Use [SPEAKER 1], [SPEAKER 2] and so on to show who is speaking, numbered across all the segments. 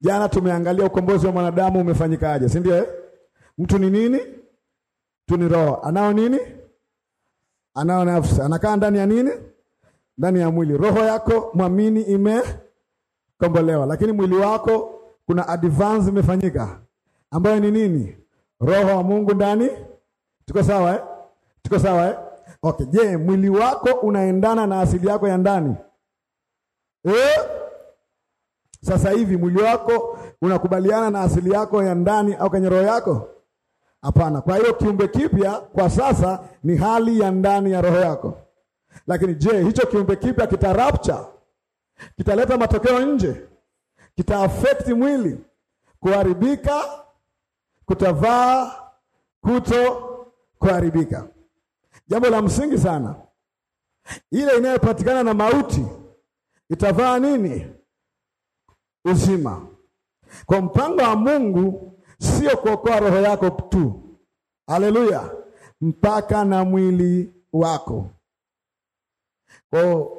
[SPEAKER 1] Jana tumeangalia ukombozi wa mwanadamu umefanyikaje, si ndio? Eh? mtu ni nini? Mtu ni roho. Anao nini? Anao nafsi. Anakaa ndani ya nini? Ndani ya mwili. Roho yako mwamini imekombolewa, lakini mwili wako kuna advance imefanyika, ambayo ni nini? Roho wa Mungu ndani. Tuko sawa eh? Tuko sawa eh? Okay. Je, mwili wako unaendana na asili yako ya ndani eh? Sasa hivi mwili wako unakubaliana na asili yako ya ndani au kwenye roho yako? Hapana. Kwa hiyo kiumbe kipya kwa sasa ni hali ya ndani ya roho yako. Lakini je, hicho kiumbe kipya kita rapture? Kitaleta matokeo nje? Kita affect mwili kuharibika, kutavaa kuto kuharibika. Jambo la msingi sana, ile inayopatikana na mauti itavaa nini? uzima. Kwa mpango wa Mungu sio kuokoa roho yako tu, haleluya, mpaka na mwili wako. Kwa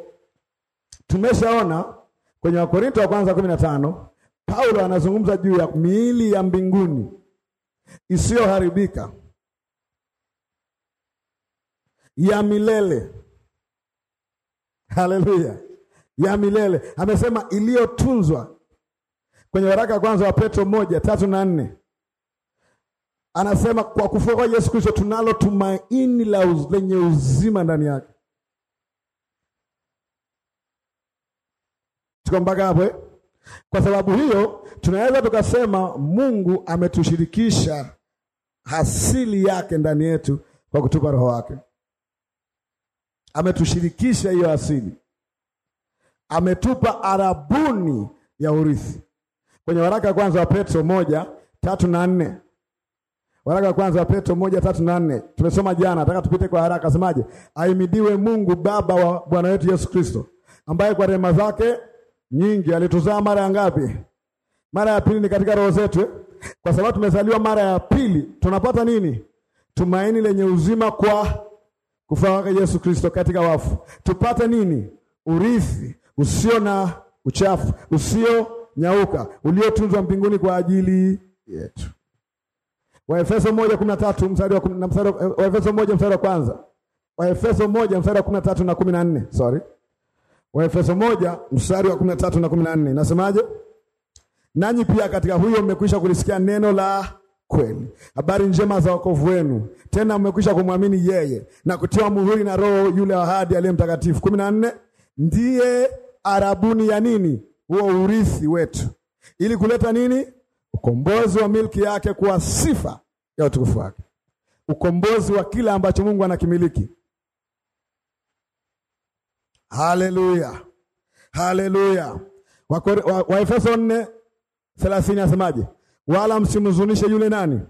[SPEAKER 1] tumeshaona kwenye Wakorinto wa kwanza kumi na tano Paulo anazungumza juu ya miili ya mbinguni isiyoharibika ya milele. Haleluya, ya milele amesema, iliyotunzwa kwenye waraka wa kwanza wa Petro moja tatu na nne anasema kwa kufua kwa Yesu Kristo tunalo tumaini la uz, lenye uzima ndani yake. Tuko mpaka hapo eh? Kwa sababu hiyo tunaweza tukasema Mungu ametushirikisha asili yake ndani yetu kwa kutupa roho wake. Ametushirikisha hiyo asili, ametupa arabuni ya urithi kwenye waraka kwanza wa Petro moja tatu na nne waraka kwanza wa Petro moja tatu na nne tumesoma jana, nataka tupite kwa haraka. Semaje? Aimidiwe Mungu Baba wa Bwana wetu Yesu Kristo, ambaye kwa rehema zake nyingi alituzaa mara ya ngapi? Mara ya pili, ni katika roho zetu. Eh? Kwa sababu tumezaliwa mara ya pili, tunapata nini? Tumaini lenye uzima kwa kufa kwake Yesu Kristo katika wafu, tupate nini? Urithi usio na uchafu, usio nyauka uliotunzwa mbinguni kwa ajili yetu. Waefeso moja kumi na tatu mstari wa na mstari eh, Waefeso moja mstari wa kwanza Waefeso moja mstari wa kumi na tatu na kumi na nne sorry, Waefeso moja mstari wa kumi na tatu na kumi na nne nasemaje? Nanyi pia katika huyo mmekwisha kulisikia neno la kweli, habari njema za wokovu wenu, tena mmekwisha kumwamini yeye na kutiwa muhuri na Roho yule ahadi aliye mtakatifu. kumi na nne ndiye arabuni ya nini huo urithi wetu, ili kuleta nini? Ukombozi wa milki yake kuwa sifa ya utukufu wake, ukombozi wa kila ambacho Mungu anakimiliki. Haleluya, haleluya. Waefeso nne thelathini asemaje? Wala msimhuzunishe yule nani,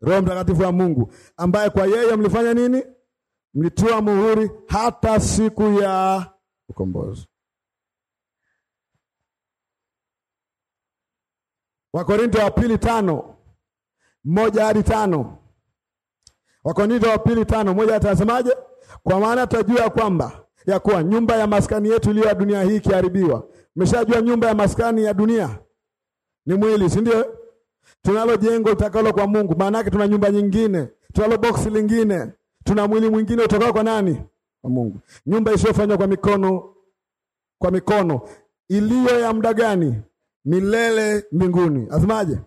[SPEAKER 1] Roho Mtakatifu wa Mungu, ambaye kwa yeye mlifanya nini? mlitiwa muhuri hata siku ya ukombozi. Wakorintho wa pili tano moja hadi tano Wakorintho wa pili tano moja atasemaje? Kwa maana tutajua kwamba ya kuwa nyumba ya maskani yetu iliyo ya dunia hii ikiharibiwa. Umeshajua nyumba ya maskani ya dunia ni mwili, si ndio? Tunalo jengo litakalo kwa Mungu, maana yake tuna nyumba nyingine, tunalo box lingine, tuna mwili mwingine utakao kwa nani? Kwa Mungu. Nyumba isiyofanywa kwa mikono, kwa mikono iliyo ya muda gani? milele mbinguni. Asemaje?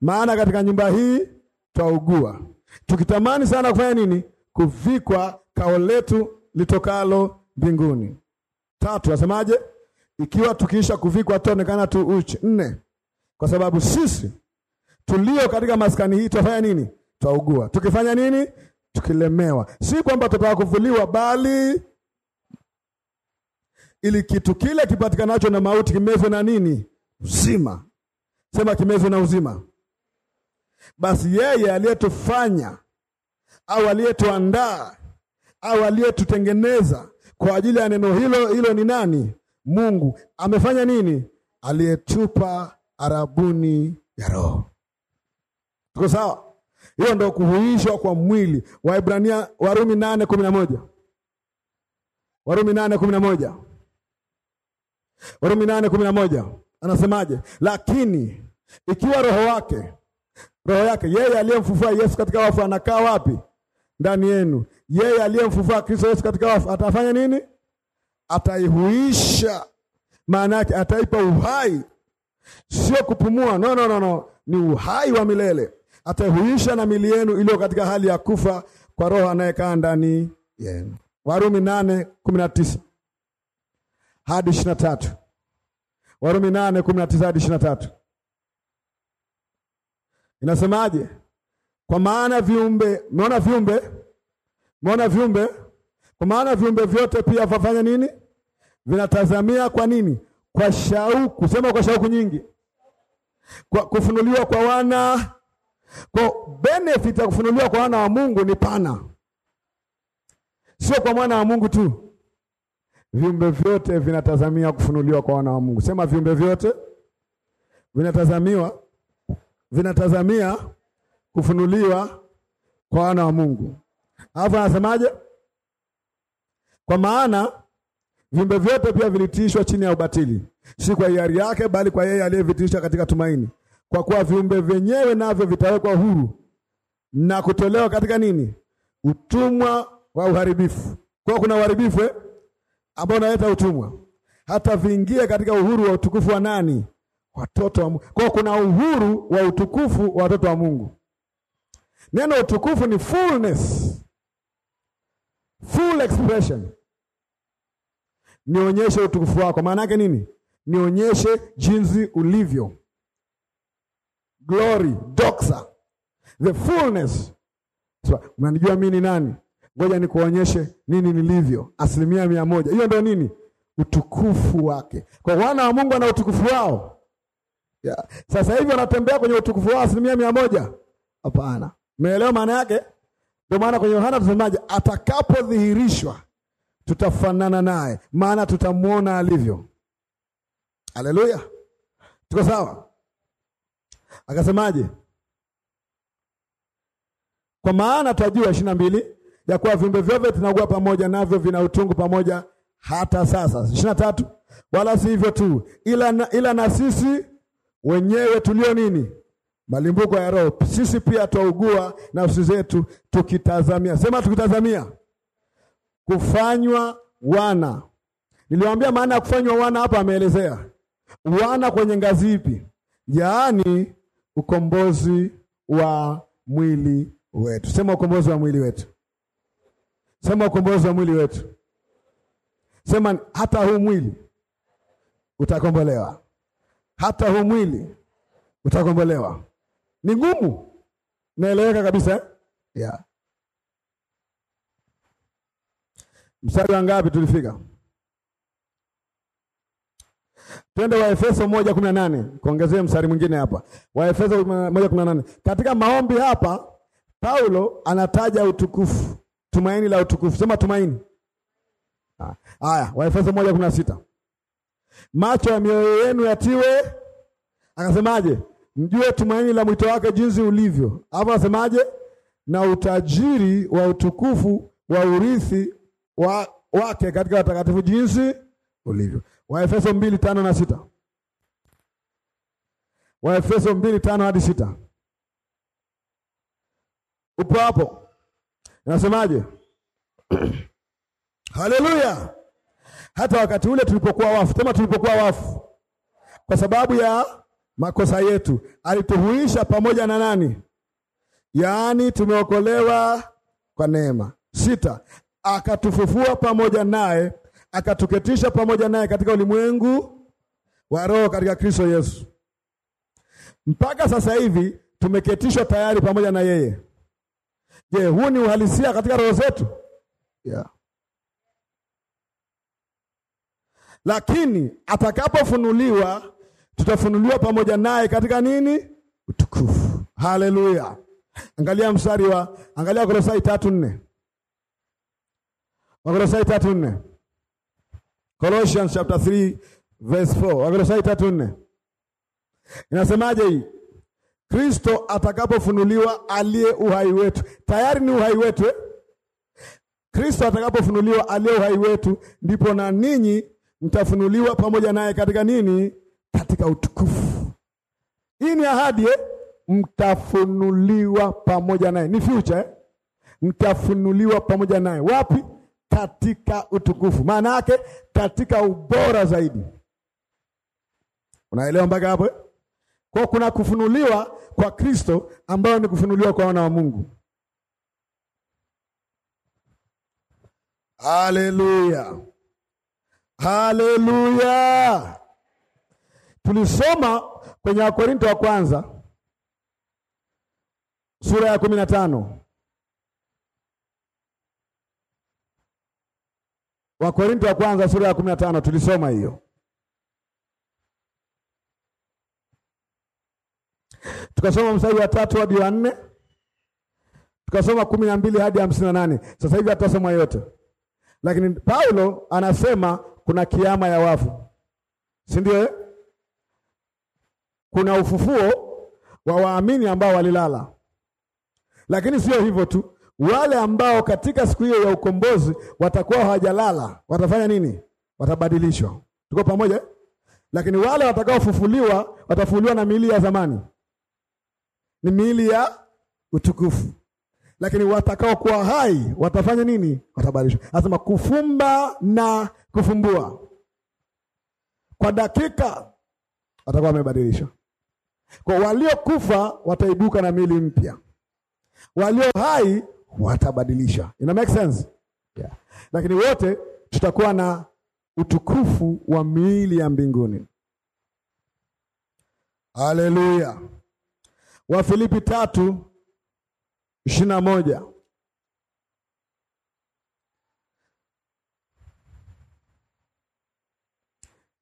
[SPEAKER 1] Maana katika nyumba hii twaugua tukitamani sana kufanya nini? Kuvikwa kao letu litokalo mbinguni. Tatu, asemaje? Ikiwa tukiisha kuvikwa tuonekana tu uchi. Nne, kwa sababu sisi tulio katika maskani hii twafanya nini? Twaugua tukifanya nini? Tukilemewa, si kwamba tutataka kuvuliwa, bali ili kitu kile kipatikanacho na mauti kimezwe na nini? uzima. Sema kimezwa na uzima. Basi yeye aliyetufanya au aliyetuandaa au aliyetutengeneza kwa ajili ya neno hilo hilo ni nani? Mungu amefanya nini? Aliyetupa arabuni ya Roho. Tuko sawa? Hiyo ndio kuhuishwa kwa mwili. Waibrania, Warumi nane kumi na moja. Warumi nane kumi na moja. Warumi nane kumi na moja. Anasemaje? Lakini ikiwa roho wake roho yake yeye aliyemfufua Yesu katika wafu anakaa wapi? Ndani yenu. Yeye aliyemfufua Kristo Yesu katika wafu atafanya nini? Ataihuisha, maana yake ataipa uhai, sio kupumua. No, no, no, no, ni uhai wa milele. Ataihuisha na mili yenu iliyo katika hali ya kufa kwa roho anayekaa ndani yenu. Warumi 8:19 hadi Warumi nane kumi na tisa hadi ishirini na tatu inasemaje? Kwa maana viumbe, umeona viumbe, umeona viumbe, kwa maana viumbe vyote pia vafanya nini? Vinatazamia kwa nini? Kwa shauku, sema kwa shauku nyingi, kwa kufunuliwa kwa wana kwa benefit ya kufunuliwa kwa wana wa Mungu ni pana, sio kwa mwana wa Mungu tu viumbe vyote vinatazamia kufunuliwa kwa wana wa Mungu. Sema viumbe vyote vinatazamiwa vinatazamia kufunuliwa kwa wana wa Mungu. Alafu anasemaje? Kwa maana viumbe vyote pia vilitiishwa chini ya ubatili, si kwa hiari yake, bali kwa yeye aliyevitiisha katika tumaini. Kwa kuwa viumbe vyenyewe navyo vitawekwa huru na kutolewa katika nini? Utumwa wa uharibifu. Kwa kuna uharibifu eh? ambao unaleta utumwa, hata viingie katika uhuru wa utukufu wa nani? Watoto wa Mungu. Kwa kuna uhuru wa utukufu wa watoto wa Mungu. Neno utukufu ni fullness, full expression. Nionyeshe utukufu wako, maana yake nini? Nionyeshe jinsi ulivyo. Glory doxa, the fullness. So, unanijua mimi ni nani? Ngoja nikuonyeshe nini nilivyo, asilimia mia moja. Hiyo ndio nini? Utukufu wake. Kwa wana wa Mungu ana utukufu wao yeah. Sasa hivi wanatembea kwenye utukufu wao asilimia mia moja? Hapana. Umeelewa maana yake? Ndio maana kwenye Yohana tunasemaje? Atakapodhihirishwa tutafanana naye, maana tutamwona alivyo. Haleluya, tuko sawa? Akasemaje? Kwa maana tutajua ishirini na mbili ya kuwa viumbe vyote tunaugua pamoja navyo vina utungu pamoja hata sasa. ishirini na tatu. Wala si hivyo tu, ila na, ila na sisi wenyewe tulio nini malimbuko ya Roho, sisi pia twaugua nafsi zetu, tukitazamia. Sema tukitazamia kufanywa wana. Niliwaambia maana ya kufanywa wana, hapa ameelezea wana kwenye ngazi ipi? Yaani ukombozi wa mwili wetu. Sema ukombozi wa mwili wetu. Sema ukombozi wa mwili wetu. Sema hata huu mwili utakombolewa, hata huu mwili utakombolewa. Ni ngumu, naeleweka kabisa eh? yeah. Mstari wa ngapi tulifika? Twende Waefeso moja kumi na nane kuongezea mstari mwingine hapa, Waefeso moja kumi na nane Katika maombi hapa Paulo anataja utukufu tumaini la utukufu. Sema tumaini. Ah, haya, Waefeso moja kumi na sita macho ya mioyo yenu yatiwe, akasemaje? Mjue tumaini la mwito wake jinsi ulivyo. Hapo anasemaje? Na utajiri wa utukufu wa urithi wa wake katika watakatifu jinsi ulivyo. Waefeso mbili tano na sita Waefeso mbili tano hadi sita Upo hapo? Nasemaje? Haleluya! Hata wakati ule tulipokuwa wafu, tena tulipokuwa wafu kwa sababu ya makosa yetu, alituhuisha pamoja na nani? Yaani tumeokolewa kwa neema. Sita, akatufufua pamoja naye, akatuketisha pamoja naye katika ulimwengu wa roho katika Kristo Yesu. Mpaka sasa hivi tumeketishwa tayari pamoja na yeye. Je, huu ni uhalisia katika roho zetu? Yeah. Lakini atakapofunuliwa tutafunuliwa pamoja naye katika nini? Utukufu. Haleluya. Angalia mstari wa angalia Kolosai 3:4. Wakolosai 3:4. Colossians chapter 3 verse 4. Wakolosai 3:4. Inasemaje hii? Kristo atakapofunuliwa aliye uhai wetu, tayari ni uhai wetu eh? Kristo atakapofunuliwa aliye uhai wetu, ndipo na ninyi mtafunuliwa pamoja naye katika nini? Katika utukufu. Hii ni ahadi eh? Mtafunuliwa pamoja naye, ni future eh? Mtafunuliwa pamoja naye wapi? Katika utukufu, maana yake katika ubora zaidi. Unaelewa mpaka hapo eh? Kwa kuna kufunuliwa kwa Kristo ambayo ni kufunuliwa kwa wana wa Mungu. Haleluya, haleluya. Tulisoma kwenye Wakorinto wa kwanza sura ya kumi na tano Wakorinto wa kwanza sura ya kumi na tano tulisoma hiyo. tukasoma mstari wa tatu hadi wa nne tukasoma kumi na mbili hadi hamsini na nane Sasa hivi hatasoma yote, lakini Paulo anasema kuna kiama ya wafu, si ndio? Eh? Kuna ufufuo wa waamini ambao walilala, lakini sio hivyo tu, wale ambao katika siku hiyo ya ukombozi watakuwa hawajalala watafanya nini? Watabadilishwa. Tuko pamoja? Eh? Lakini wale watakaofufuliwa watafufuliwa na miili ya zamani ni miili ya utukufu, lakini watakaokuwa hai watafanya nini? Watabadilishwa. Anasema kufumba na kufumbua, kwa dakika watakuwa wamebadilishwa. Kwa waliokufa wataibuka na miili mpya, walio hai watabadilisha. Ina make sense? Yeah. Lakini wote tutakuwa na utukufu wa miili ya mbinguni. Haleluya wa Filipi tatu ishirini na moja.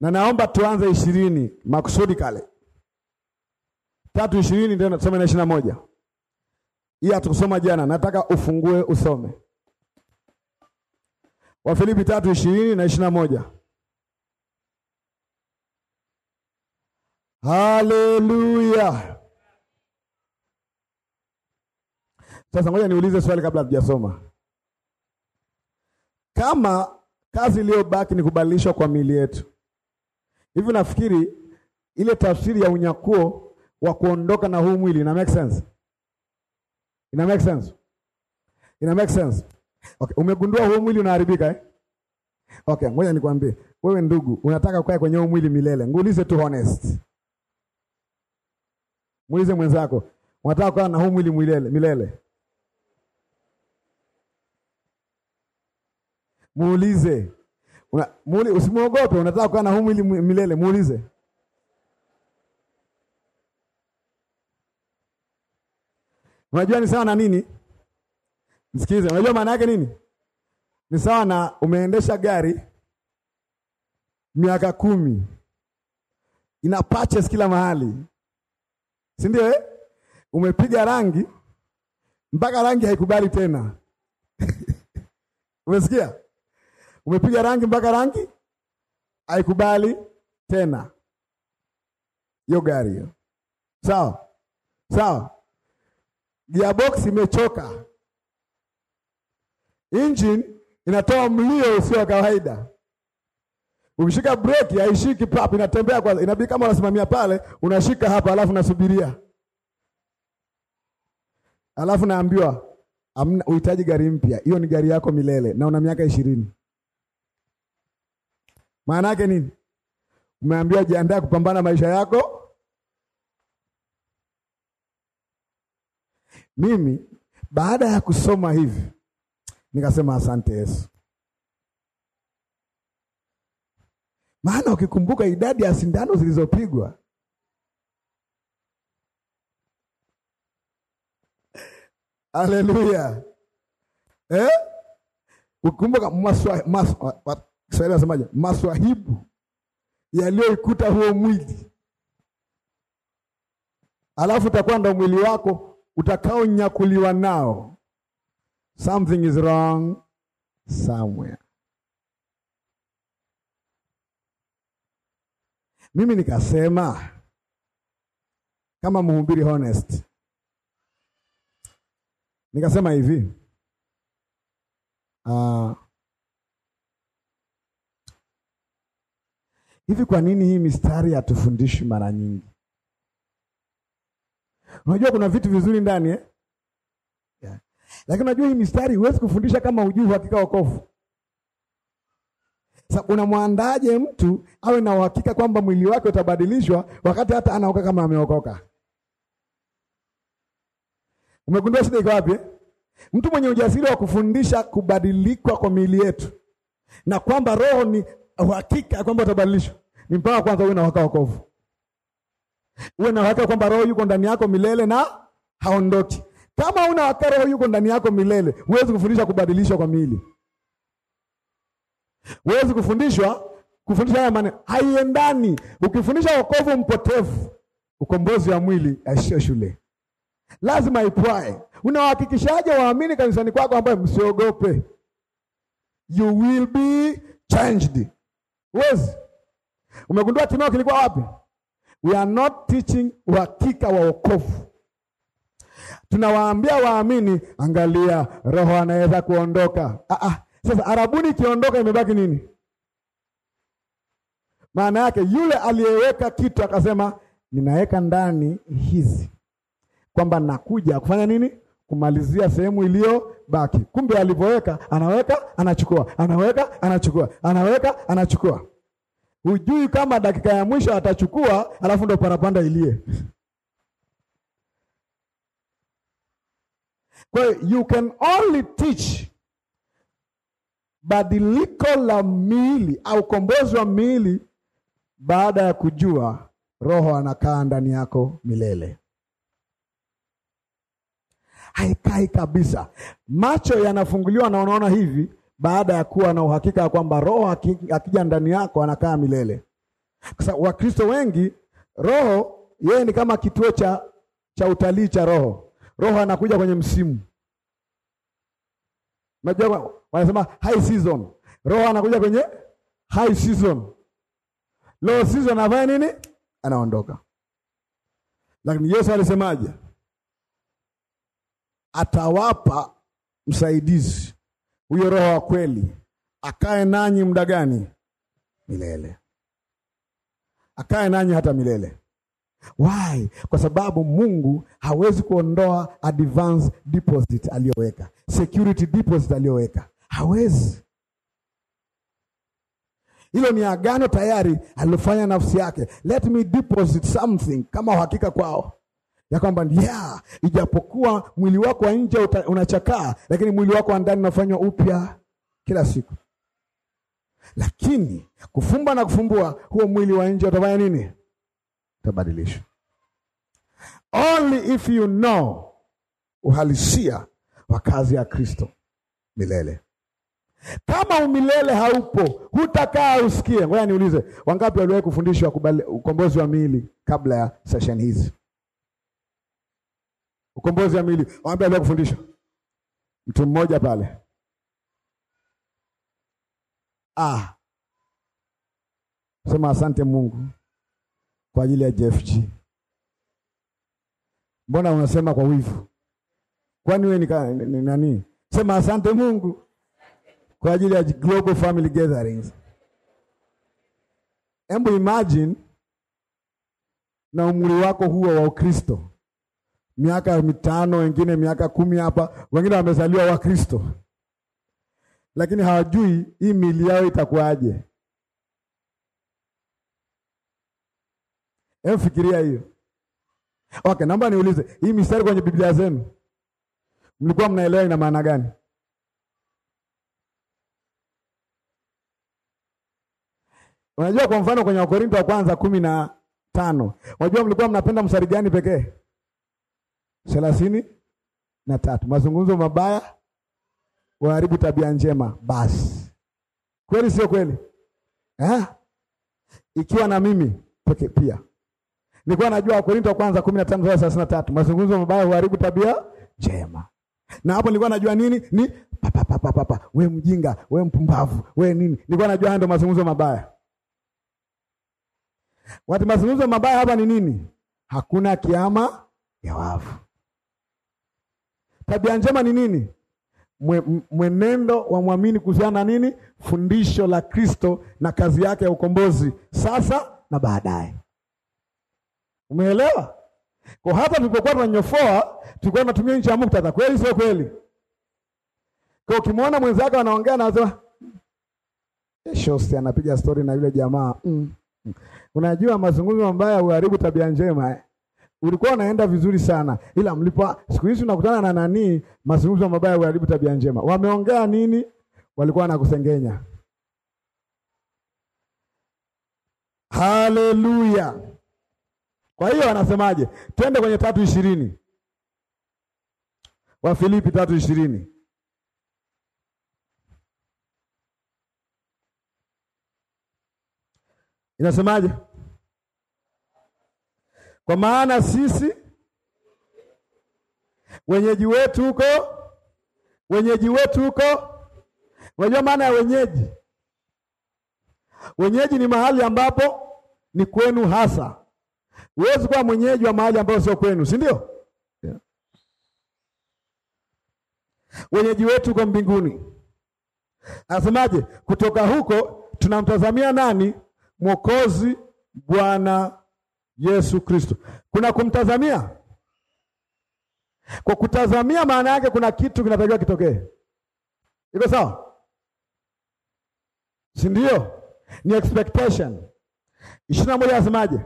[SPEAKER 1] Na naomba tuanze ishirini makusudi kale tatu ishirini ndio tunasoma na ishirini na moja. Hii hatukusoma jana, nataka ufungue usome Wafilipi tatu ishirini na ishirini na moja. Haleluya! Sasa ngoja niulize swali kabla hatujasoma. Kama kazi iliyobaki ni kubadilishwa kwa miili yetu, hivi nafikiri ile tafsiri ya unyakuo wa kuondoka na huu mwili ina make sense? Ina make sense? Ina make sense? Okay, umegundua huu mwili unaharibika eh? Okay, ngoja nikwambie. Wewe ndugu, unataka ukae kwenye huu mwili milele? Ngulize tu honest. Muulize mwenzako, unataka kukaa na huu mwili milele milele? muulize. Una, muuli, usimuogope, unataka kuwa na huu mwili milele, muulize. Unajua ni sawa na nini? Msikize, unajua maana yake nini? Ni sawa na umeendesha gari miaka kumi ina patches kila mahali, si ndio eh? Umepiga rangi mpaka rangi haikubali tena umesikia? Umepiga rangi mpaka rangi haikubali tena hiyo gari hiyo. Sawa sawa, gearbox imechoka, engine inatoa mlio usio wa kawaida. Ukishika breki haishiki pap, inatembea kwanza, inabidi kama unasimamia pale, unashika hapa, alafu nasubiria, alafu naambiwa uhitaji gari mpya. Hiyo ni gari yako milele na una miaka ishirini. Maana yake nini? Umeambiwa jiandae kupambana maisha yako. Mimi baada ya kusoma hivi nikasema asante Yesu, maana ukikumbuka idadi ya sindano zilizopigwa Haleluya, eh? Ukumbuka maswa, maswa, Kiswahili nasemaje? Maswahibu yaliyoikuta huo mwili, alafu utakuwa ndo mwili wako utakaonyakuliwa nao. Something is wrong somewhere. Mimi nikasema kama mhubiri honest, nikasema hivi uh, Hivi kwa nini hii mistari hatufundishi mara nyingi? Unajua kuna vitu vizuri ndani eh? Yeah. Lakini unajua hii mistari huwezi kufundisha kama hujui uhakika wokovu. Sasa unamwandaje mtu awe na uhakika kwamba mwili wake utabadilishwa wakati hata anaoka kama ameokoka? Umegundua shida iko wapi? Eh? Mtu mwenye ujasiri wa kufundisha kubadilikwa kwa miili yetu na kwamba roho ni uhakika kwamba utabadilishwa ni mpaka kwanza uwe na uhakika wokovu, uwe na uhakika kwamba Roho yuko ndani yako milele na haondoki. Kama una uhakika Roho yuko ndani yako milele, huwezi kufundisha kubadilishwa kwa miili, huwezi kufundishwa kufundisha haya maneno, haiendani. Ukifundisha wokovu mpotevu, ukombozi wa mwili, aisio shule lazima ipwae. Unawahakikishaje waamini kanisani kwako, ambayo msiogope, you will be changed Huwezi. Umegundua Timao kilikuwa wapi? We are not teaching uhakika wa wokovu. Tunawaambia waamini, angalia, roho anaweza kuondoka. Ah, ah. Sasa arabuni ikiondoka, imebaki nini? Maana yake yule aliyeweka kitu akasema, ninaweka ndani hizi kwamba nakuja kufanya nini? kumalizia sehemu iliyo baki Kumbe alivyoweka, anaweka anachukua, anaweka anachukua, anaweka anachukua. Hujui kama dakika ya mwisho atachukua, alafu ndo parapanda ilie. Kwa hiyo you can only teach badiliko la miili au ukombozi wa miili baada ya kujua Roho anakaa ndani yako milele haikai kabisa. Macho yanafunguliwa na unaona hivi, baada ya kuwa na uhakika ya kwamba roho akija ndani yako anakaa milele. Sasa Wakristo wengi, roho yeye ni kama kituo cha, cha utalii cha roho. Roho anakuja kwenye msimu, unajua wanasema high season. Roho anakuja kwenye high season, low season anafanya nini? Anaondoka. Lakini Yesu alisemaje? atawapa msaidizi huyo Roho wa kweli, akae nanyi muda gani? Milele. Akae nanyi hata milele. Why? Kwa sababu Mungu hawezi kuondoa advance deposit aliyoweka, security deposit aliyoweka, hawezi. Hilo ni agano tayari alilofanya nafsi yake. Let me deposit something kama uhakika kwao ya kwamba yeah, ijapokuwa mwili wako wa nje unachakaa, lakini mwili wako wa ndani unafanywa upya kila siku. Lakini kufumba na kufumbua, huo mwili wa nje utafanya nini? Utabadilishwa. Only if you know uhalisia wa kazi ya Kristo milele. Kama umilele haupo, hutakaa usikie. Ngoja niulize, wangapi waliwahi kufundishwa ukombozi wa miili kabla ya session hizi? ukombozi wa mili Waambia leo kufundisha mtu mmoja pale, ah, sema asante Mungu kwa ajili ya JFG. Mbona unasema kwa wivu? Kwani wewe ni nani? Sema asante Mungu kwa ajili ya Global Family Gatherings. Embu imagine na umri wako huo wa Ukristo miaka mitano, wengine miaka kumi hapa, wengine wamezaliwa Wakristo lakini hawajui hii mili yao itakuwaje. Hebu fikiria hiyo. Okay, naomba niulize, hii mistari kwenye Biblia zenu mlikuwa mnaelewa ina maana gani? Unajua, kwa mfano kwenye Wakorinto wa kwanza kumi na tano, unajua mlikuwa mnapenda mstari gani pekee? thelathini na tatu mazungumzo mabaya waharibu tabia njema. Basi kweli, sio kweli eh? Ikiwa na mimi peke pia nilikuwa najua Wakorintho wa kwanza kumi na tano thelathini na tatu mazungumzo mabaya huharibu tabia njema, na hapo nilikuwa najua nini ni papapapapa, we mjinga, we mpumbavu, we nini. Nilikuwa najua haya ndo mazungumzo mabaya. Wati mazungumzo mabaya hapa ni nini? Hakuna kiama ya wafu Tabia njema ni nini? Mwenendo wa mwamini kuhusiana na nini? Fundisho la Kristo na kazi yake ya ukombozi sasa na baadaye. Umeelewa? Kwa hapa tulipokuwa tunanyofoa, tulikuwa tunatumia nchi ya muktadha. Kweli sio kweli? Kwa ukimwona mwenzake anaongea anasema eh, shosi anapiga stori na yule jamaa mm. Unajua mazungumzo mabaya huharibu tabia njema eh? ulikuwa unaenda vizuri sana, ila mlipo siku hizi unakutana na nani? Mazungumzo mabaya huharibu tabia njema. Wameongea nini? Walikuwa wanakusengenya. Haleluya! Kwa hiyo anasemaje? Twende kwenye tatu ishirini wa Filipi tatu ishirini. Inasemaje? Kwa maana sisi wenyeji wetu huko, wenyeji wetu huko. Unajua maana ya wenyeji? Wenyeji ni mahali ambapo ni kwenu hasa. Huwezi kuwa mwenyeji wa mahali ambapo sio kwenu, si ndio? Yeah. Wenyeji wetu huko mbinguni, anasemaje? Kutoka huko tunamtazamia nani? Mwokozi Bwana Yesu Kristo. Kuna kumtazamia. Kwa kutazamia, maana yake kuna kitu kinatakiwa kitokee. Iko sawa, si ndio? Ni expectation. ishirini na moja asemaje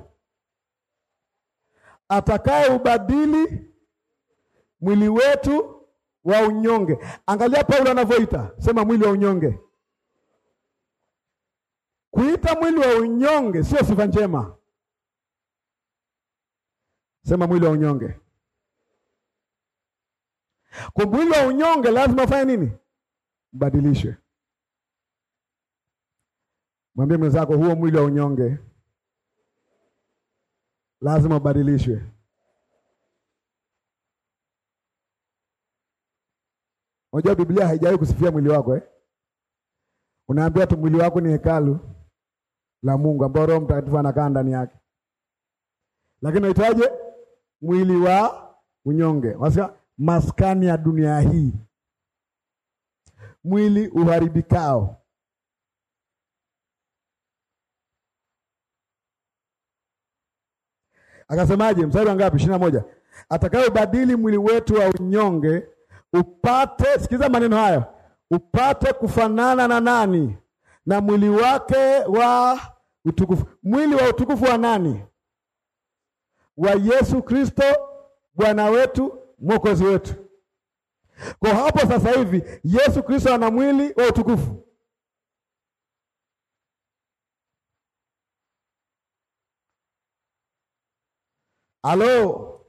[SPEAKER 1] Atakaye ubadili mwili wetu wa unyonge. Angalia Paulo anavyoita, sema mwili wa unyonge. Kuita mwili wa unyonge sio sifa njema. Sema mwili wa unyonge. Kwa mwili wa unyonge lazima ufanye nini? Mbadilishwe. Mwambie mwenzako huo mwili wa unyonge lazima ubadilishwe. Unajua Biblia haijawahi kusifia mwili wako eh? Unaambiwa tu mwili wako ni hekalu la Mungu ambao Roho Mtakatifu anakaa ndani yake, lakini unahitaje mwili wa unyonge, wanasema maskani ya dunia hii, mwili uharibikao. Akasemaje? mstari wa ngapi? ishirini na moja atakayobadili mwili wetu wa unyonge upate, sikiza maneno haya, upate kufanana na nani? Na mwili wake wa utukufu. Mwili wa utukufu wa nani? wa Yesu Kristo Bwana wetu Mwokozi wetu. Kwa hapo sasa hivi Yesu Kristo ana mwili wa utukufu. Halo,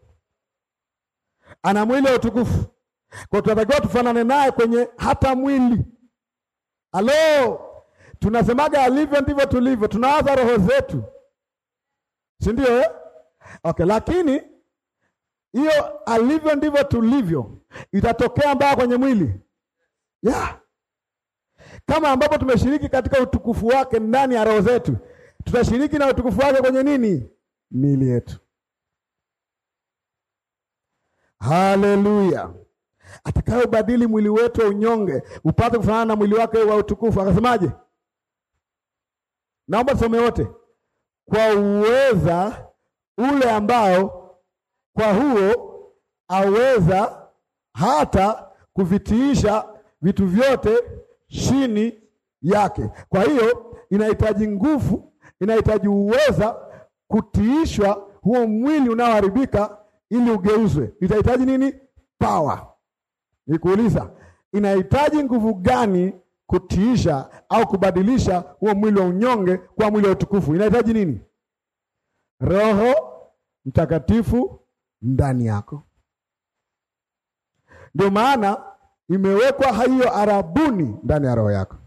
[SPEAKER 1] ana mwili wa utukufu, kwa tunatakiwa tufanane naye kwenye hata mwili. Halo, tunasemaga alivyo ndivyo tulivyo, tunawaza roho zetu, si ndio eh? Okay, lakini hiyo alivyo ndivyo tulivyo itatokea mbaya kwenye mwili yeah. Kama ambapo tumeshiriki katika utukufu wake ndani ya roho zetu, tutashiriki na utukufu wake kwenye nini? Mili yetu. Haleluya! atakayobadili mwili wetu wa unyonge upate kufanana na mwili wake wa utukufu. Akasemaje? Naomba tusome wote, kwa uweza ule ambao kwa huo aweza hata kuvitiisha vitu vyote chini yake. Kwa hiyo inahitaji nguvu, inahitaji uweza kutiishwa huo mwili unaoharibika ili ugeuzwe. Itahitaji nini? Power. Nikuuliza, inahitaji nguvu gani kutiisha au kubadilisha huo mwili wa unyonge kwa mwili wa utukufu? Inahitaji nini? Roho Mtakatifu ndani yako. Ndio maana imewekwa hiyo arabuni ndani ya roho yako.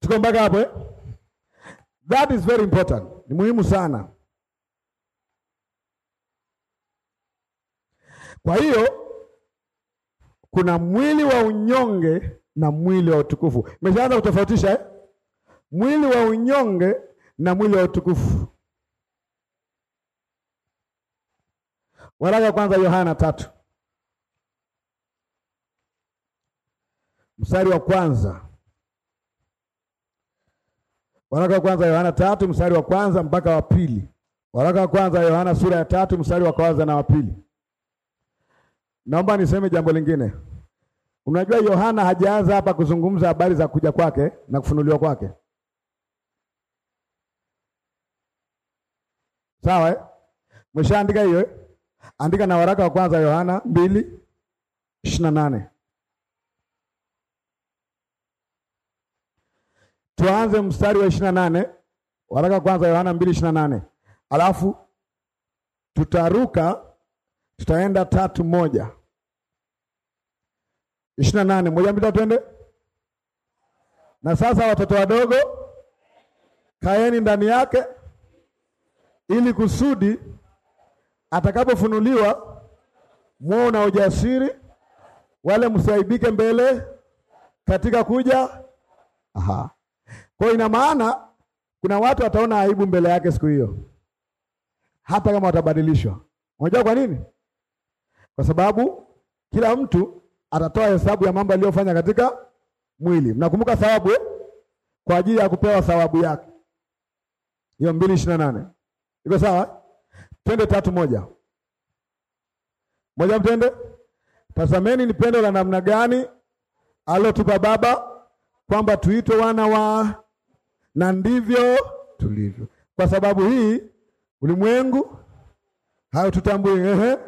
[SPEAKER 1] Tuko mpaka hapo eh? That is very important. Ni muhimu sana. Kwa hiyo kuna mwili wa unyonge na mwili wa utukufu. Umeshaanza kutofautisha eh? Mwili wa unyonge na mwili wa utukufu. Waraka kwanza Yohana tatu mstari wa kwanza. Waraka wa kwanza Yohana tatu mstari wa kwanza mpaka wa pili. Waraka wa kwanza Yohana sura ya tatu mstari wa kwanza na wa pili. Naomba niseme jambo lingine. Unajua Yohana hajaanza hapa kuzungumza habari za kuja kwake na kufunuliwa kwake. Sawa eh? Umeshaandika hiyo eh? Andika na waraka wa kwanza Yohana mbili ishirini na nane. Tuanze mstari wa ishirini na nane waraka wa kwanza Yohana mbili ishirini na nane alafu tutaruka tutaenda tatu moja ishirini na nane moja mbili twende. Na sasa watoto wadogo, kaeni ndani yake ili kusudi atakapofunuliwa mwao na ujasiri wale msiaibike mbele katika kuja. Aha. Kwa ina maana kuna watu wataona aibu mbele yake siku hiyo, hata kama watabadilishwa. Unajua kwa nini? Kwa sababu kila mtu atatoa hesabu ya mambo aliyofanya katika mwili. Mnakumbuka thawabu, eh? kwa ajili ya kupewa thawabu yake, hiyo mbili ishirini na nane. Iko sawa? Twende tatu moja moja, mtende tazameni, ni pendo la namna gani alotupa Baba kwamba tuitwe wana wa, na ndivyo tulivyo. Kwa sababu hii ulimwengu haututambui, ehe,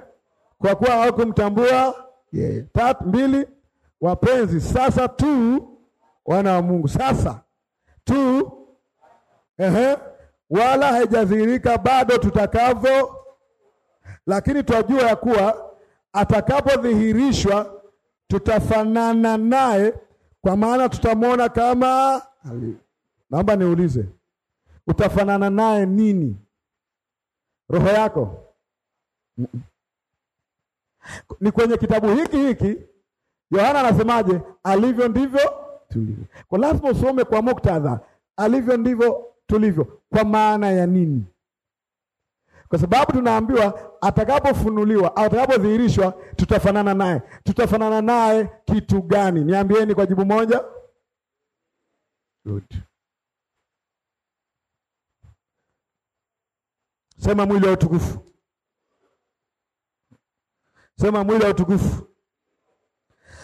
[SPEAKER 1] kwa kuwa hawakumtambua yeye. Tatu mbili, wapenzi, sasa tu wana wa Mungu, sasa tu ehe wala haijadhihirika bado tutakavyo, lakini twajua ya kuwa atakapodhihirishwa tutafanana naye, kwa maana tutamwona kama alivyo. Naomba niulize, utafanana naye nini? Roho yako? Ni kwenye kitabu hiki hiki Yohana anasemaje? Alivyo ndivyo tulivyo. Kwa lazima usome kwa muktadha, alivyo ndivyo tulivyo. Kwa maana ya nini? Kwa sababu tunaambiwa atakapofunuliwa au atakapodhihirishwa tutafanana naye. Tutafanana naye kitu gani? Niambieni kwa jibu moja. Good. Sema mwili wa utukufu. Sema mwili wa utukufu.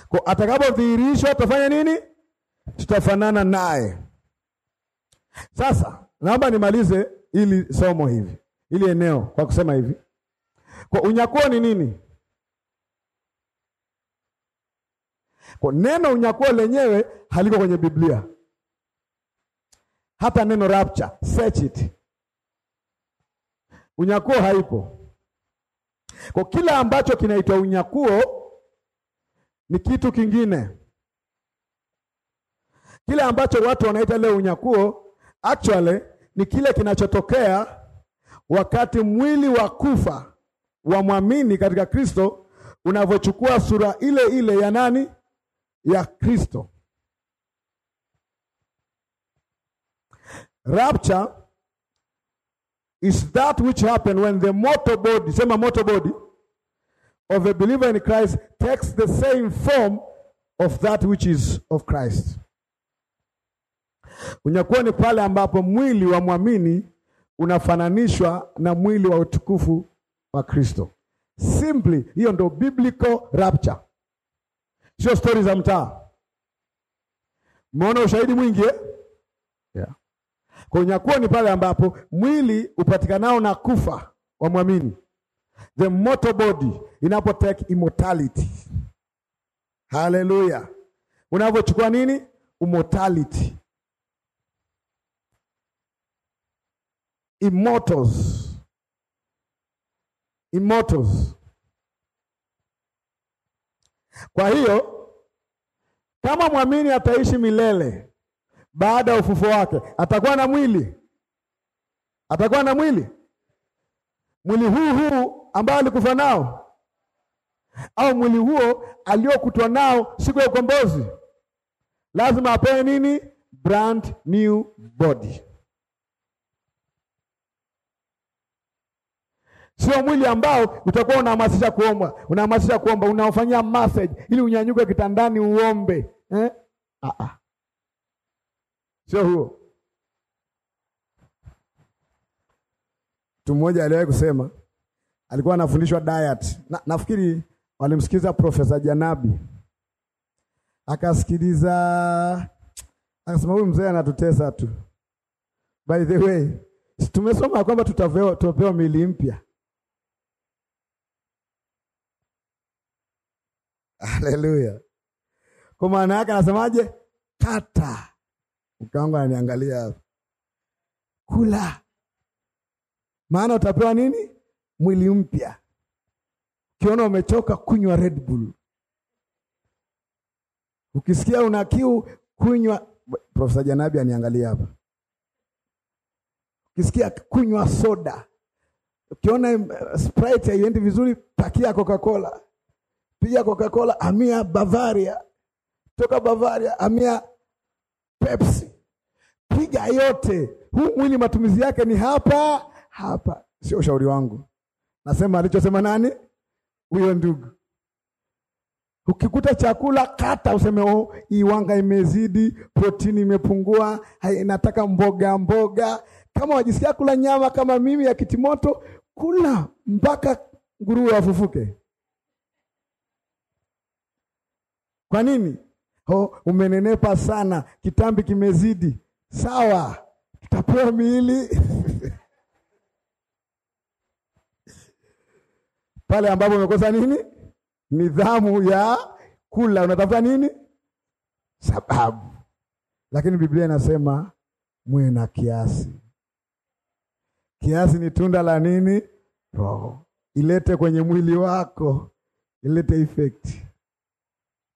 [SPEAKER 1] Kwa atakapodhihirishwa tutafanya nini? Tutafanana naye. Sasa Naomba nimalize ili somo hivi ili eneo kwa kusema hivi, kwa unyakuo ni nini? Kwa neno unyakuo lenyewe haliko kwenye Biblia, hata neno rapture, search it, unyakuo haipo. Kwa kila ambacho kinaitwa unyakuo ni kitu kingine. Kile ambacho watu wanaita leo unyakuo actually ni kile kinachotokea wakati mwili wa kufa wa mwamini katika Kristo unavyochukua sura ile ile ya nani? Ya Kristo. Rapture is that which happen when the mortal body, sema mortal body of a believer in Christ takes the same form of that which is of Christ. Unyakuo ni pale ambapo mwili wa mwamini unafananishwa na mwili wa utukufu wa Kristo. Simply hiyo ndo biblical rapture, sio stori za mtaa. Umeona ushahidi mwingi eh? Yeah. Kwa unyakuo ni pale ambapo mwili upatikanao na kufa wa mwamini, the mortal body inapo take immortality. Haleluya! unavyochukua nini? Immortality. immortals, immortals. Kwa hiyo kama mwamini ataishi milele baada ya ufufuo wake, atakuwa na mwili, atakuwa na mwili, mwili huu huu ambao alikufa nao, au mwili huo aliokutwa nao siku ya ukombozi. Lazima apewe nini? Brand new body. sio mwili ambao utakuwa unahamasisha kuomba, unahamasisha kuomba, unaofanyia message ili unyanyuke kitandani uombe eh? Ah -ah. Sio huo. Mtu mmoja aliwahi kusema, alikuwa anafundishwa diet na, nafikiri walimsikiliza Profesa Janabi akasikiliza, akasema huyu mzee anatutesa tu. By the way, tumesoma kwamba tutapewa, tutapewa mili mpya Haleluya! Kwa maana yake anasemaje? Kata mke ananiangalia hapa, kula, maana utapewa nini? Mwili mpya. Ukiona umechoka, kunywa Red Bull. Ukisikia una kiu, kunywa Profesa Janabi aniangalia hapa. Ukisikia kunywa soda, ukiona eh, Sprite haiendi vizuri, pakia Coca-Cola pia Coca-Cola amia Bavaria, toka Bavaria amia Pepsi, piga yote. Huu mwili matumizi yake ni hapa hapa, sio ushauri wangu, nasema alichosema nani huyo ndugu. Ukikuta chakula kata, useme oh, hii wanga imezidi, protini imepungua, inataka mboga mboga. Kama wajisikia kula nyama kama mimi ya kitimoto, kula mpaka nguruwe wafufuke. Kwa nini? Oh, umenenepa sana, kitambi kimezidi. Sawa, tutapewa miili pale ambapo umekosa nini, nidhamu ya kula, unatafuta nini sababu. Lakini Biblia inasema mwe na kiasi. Kiasi ni tunda la nini? Roho ilete kwenye mwili wako, ilete effect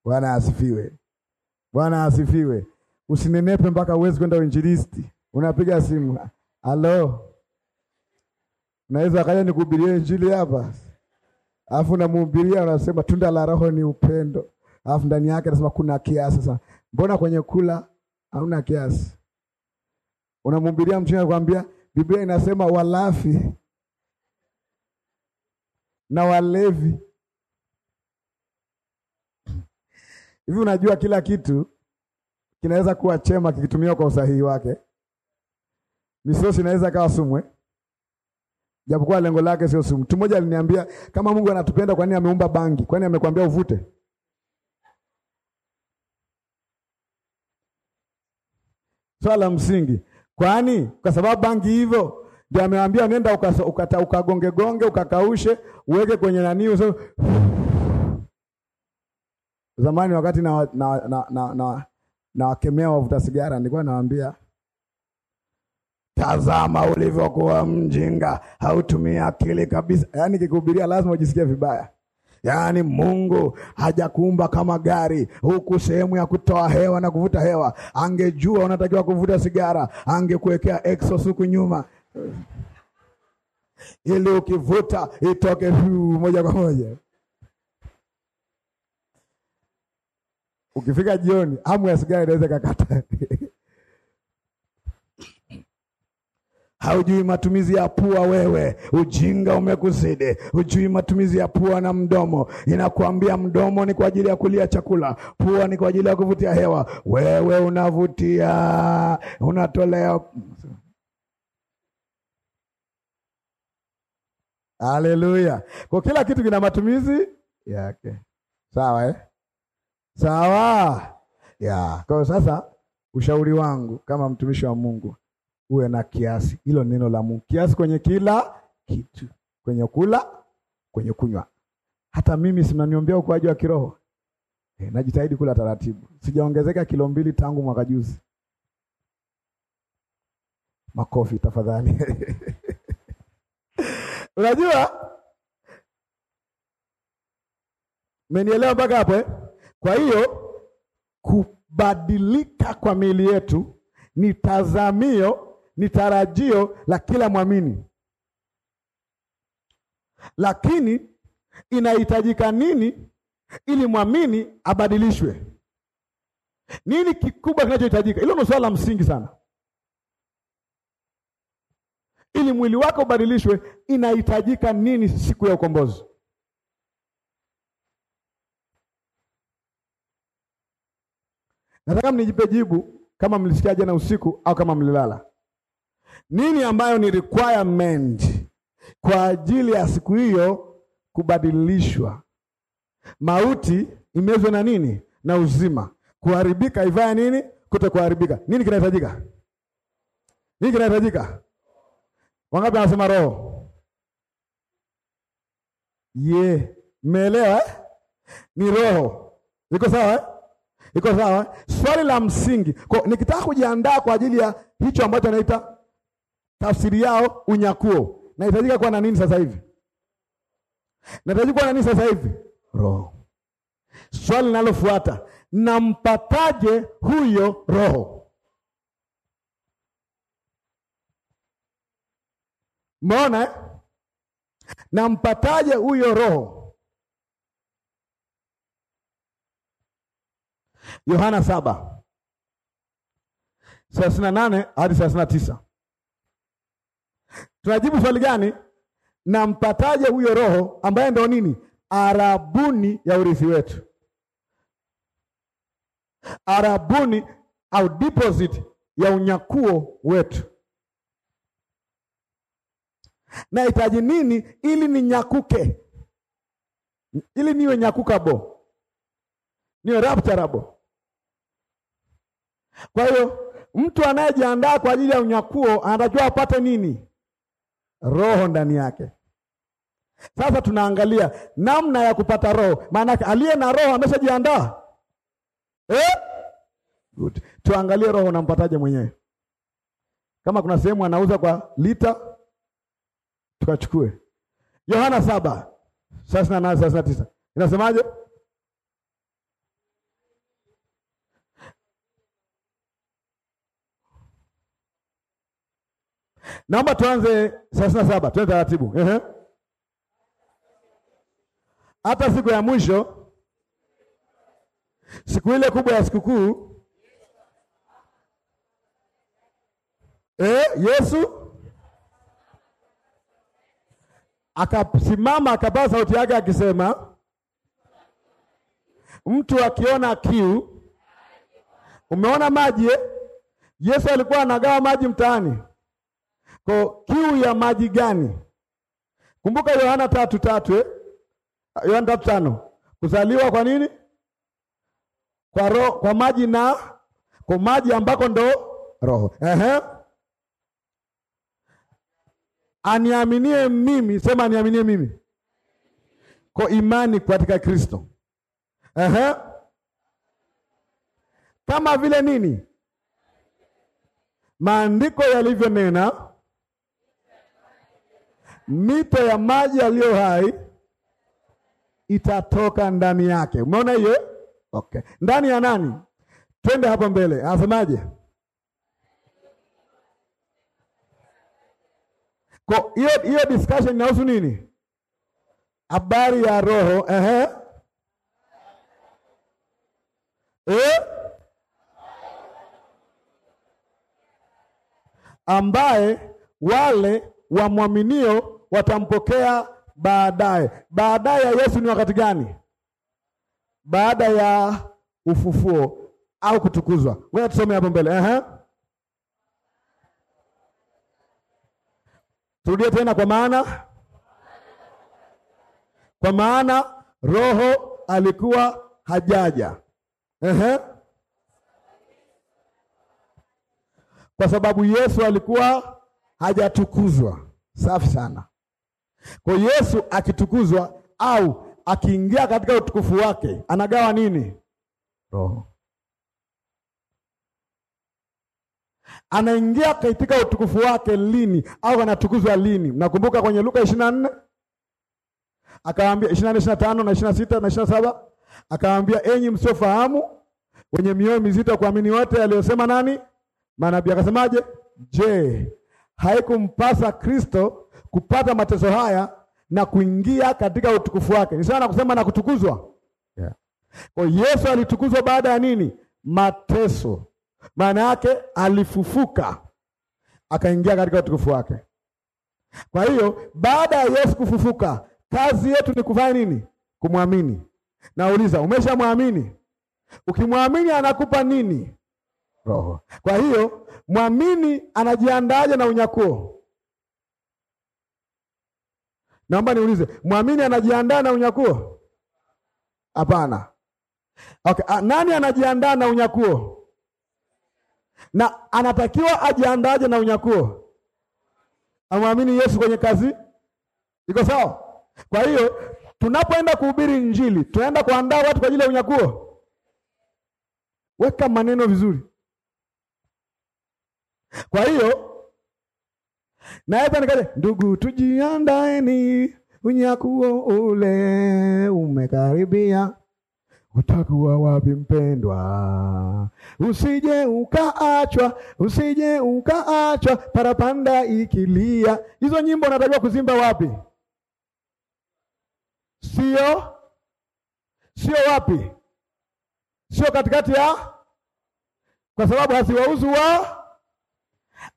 [SPEAKER 1] Bwana asifiwe, Bwana asifiwe. Usinenepe mpaka uwezi kwenda uinjilisti. Unapiga simu, halo, naweza akaja nikuhubirie injili hapa, alafu namhubiria, anasema tunda la Roho ni upendo, alafu ndani yake anasema kuna kiasi. Sasa mbona kwenye kula hauna kiasi? Unamhubiria mchungaji, anakuambia Biblia inasema walafi na walevi Hivi unajua kila kitu kinaweza kuwa chema kikitumiwa kwa usahihi wake. Misosi inaweza kawa sumu, japokuwa lengo lake sio sumu. Mtu mmoja aliniambia kama Mungu anatupenda, kwa nini ameumba bangi? nini amekwambia uvute? Swala msingi, kwani kwa sababu bangi hivyo ndio amewaambia nenda ukagongegonge, ukakaushe, uweke kwenye nani, useme Zamani wakati na na na, na, na, na wakemea wavuta sigara nilikuwa nawaambia, tazama ulivyokuwa mjinga, hautumii akili kabisa. Yaani kikuhubiria lazima ujisikie vibaya. Yaani Mungu hajakuumba kama gari, huku sehemu ya kutoa hewa na kuvuta hewa. Angejua unatakiwa kuvuta sigara, angekuwekea exhaust huku nyuma ili ukivuta itoke moja kwa moja. ukifika jioni hamu ya sigara inaweza kakata. Haujui matumizi ya pua wewe, ujinga umekuzidi. Hujui matumizi ya pua na mdomo. Inakuambia mdomo ni kwa ajili ya kulia chakula, pua ni kwa ajili ya kuvutia hewa. Wewe unavutia, unatolea. Haleluya! Kwa kila kitu kina matumizi yake, sawa eh? Sawa ya. Kwa hiyo sasa, ushauri wangu kama mtumishi wa Mungu, uwe na kiasi. Hilo neno la Mungu, kiasi kwenye kila kitu, kwenye kula, kwenye kunywa. Hata mimi simnaniombea ukuaji wa kiroho e, najitahidi kula taratibu, sijaongezeka kilo mbili tangu mwaka juzi. Makofi tafadhali. Unajua, menielewa mpaka hapo eh? Kwa hiyo kubadilika kwa miili yetu ni tazamio, ni tarajio la kila mwamini, lakini inahitajika nini ili mwamini abadilishwe? Nini kikubwa kinachohitajika? Hilo ni swala la msingi sana. Ili mwili wako ubadilishwe, inahitajika nini siku ya ukombozi? Nataka mnijipe jibu kama mlisikia jana usiku au kama mlilala. Nini ambayo ni requirement kwa ajili ya siku hiyo kubadilishwa? Mauti imezwe na nini? Na uzima. Kuharibika ivae nini? kuharibika Nini kinahitajika? Nini kinahitajika? Wangapi anasema roho? Ye, yeah. Mmeelewa eh? Ni roho. Iko sawa eh? Iko sawa? Swali la msingi. Kwa nikitaka kujiandaa kwa ajili ya hicho ambacho anaita tafsiri yao unyakuo. Nahitajika kuwa na nini sasa hivi? Nahitajika kuwa na nini sasa hivi? Roho. Swali linalofuata, nampataje huyo roho? Mbona eh? Nampataje huyo roho? Yohana saba thelathini na nane hadi thelathini na tisa tunajibu swali gani? Nampataje huyo Roho ambaye ndio nini? Arabuni ya urithi wetu, arabuni au deposit ya unyakuo wetu. Nahitaji nini ili ninyakuke, ili niwe nyakukabo, niwe rapturable? Kwa hiyo mtu anayejiandaa kwa ajili ya unyakuo anatakiwa apate nini? Roho ndani yake. Sasa tunaangalia namna ya kupata roho, maana aliye na roho ameshajiandaa eh? Good. Tuangalie roho unampataje mwenyewe. Kama kuna sehemu anauza kwa lita tukachukue Yohana saba thelathini na nane thelathini na tisa inasemaje? Naomba tuanze thelathini na saba, tuende taratibu. hata siku ya mwisho, siku ile kubwa ya sikukuu, eh, Yesu akasimama akapaza sauti yake akisema, mtu akiona kiu. Umeona maji eh? Yesu alikuwa anagawa maji mtaani kwa kiu ya maji gani? Kumbuka Yohana tatu tatu eh? Yohana tatu tano kuzaliwa kwa nini? Kwa roho, kwa maji na kwa maji ambako ndo roho. Ehe. Aniaminie mimi, sema aniaminie mimi. Kwa imani katika Kristo. Ehe. Kama vile nini? Maandiko yalivyonena mito ya maji yaliyo hai itatoka ndani yake. Umeona hiyo? Okay. Ndani ya nani? Twende hapo mbele, anasemaje? Kwa hiyo hiyo discussion inahusu nini? Habari ya roho. Ehe. Eh? ambaye wale wamwaminio watampokea baadaye. Baadaye ya Yesu ni wakati gani? Baada ya ufufuo au kutukuzwa. Ngoja tusome hapo mbele. Ehe, turudie tena, kwa maana kwa maana roho alikuwa hajaja. Ehe, kwa sababu Yesu alikuwa hajatukuzwa. Safi sana. Kwa Yesu akitukuzwa au akiingia katika utukufu wake anagawa nini? Roho. Anaingia katika utukufu wake lini au anatukuzwa lini? Mnakumbuka kwenye Luka 24 akawaambia 24, 25 na 26 na 27 akawaambia, enyi msiofahamu wenye mioyo mizito kuamini wote aliyosema nani? Manabii akasemaje? Je, haikumpasa Kristo kupata mateso haya na kuingia katika utukufu wake. Ni sawa na kusema na kutukuzwa. Yeah. Kwa Yesu alitukuzwa baada ya nini? Mateso. Maana yake alifufuka akaingia katika utukufu wake. Kwa hiyo baada ya Yesu kufufuka, kazi yetu ni kufanya nini? Kumwamini. Nauliza, umeshamwamini? Ukimwamini anakupa nini? Roho. Kwa hiyo mwamini anajiandaje na unyakuo? Naomba niulize, mwamini anajiandaa na unyakuo? Hapana. Okay, A, nani anajiandaa na unyakuo? Na anatakiwa ajiandaje na unyakuo? Amwamini Yesu kwenye kazi, iko sawa? Kwa hiyo tunapoenda kuhubiri Injili, tunaenda kuandaa watu kwa ajili ya unyakuo. Weka maneno vizuri. Kwa hiyo na pia nikaja, ndugu, tujiandaeni, unyakuo ule umekaribia. Utakuwa wapi mpendwa? Usije ukaachwa, usije ukaachwa, parapanda ikilia. Hizo nyimbo unatakiwa kuzimba wapi? Sio, sio wapi? Sio katikati ya, kwa sababu haziwauzu wao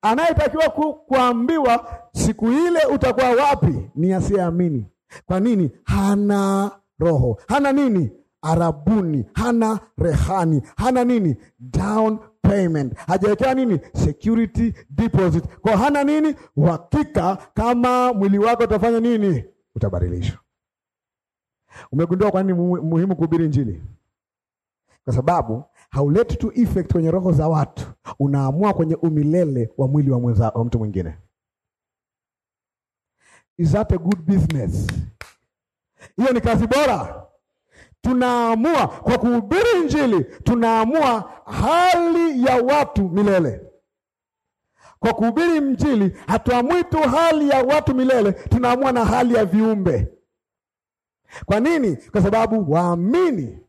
[SPEAKER 1] Anayetakiwa kuambiwa siku ile utakuwa wapi ni asiyeamini. Kwa nini? Hana roho, hana nini? Arabuni, hana rehani, hana nini? Down payment, hajawekewa nini? Security deposit. Kwa hana nini? Uhakika kama mwili wako utafanya nini? Utabadilishwa. Umegundua kwa nini muhimu kuhubiri Injili? Kwa sababu hauleti tu effect kwenye roho za watu, unaamua kwenye umilele wa mwili wa, mwenza, wa mtu mwingine. Is that a good business? Hiyo ni kazi bora. Tunaamua kwa kuhubiri Injili, tunaamua hali ya watu milele. Kwa kuhubiri Injili hatuamui tu hali ya watu milele, tunaamua na hali ya viumbe. Kwa nini? Kwa sababu waamini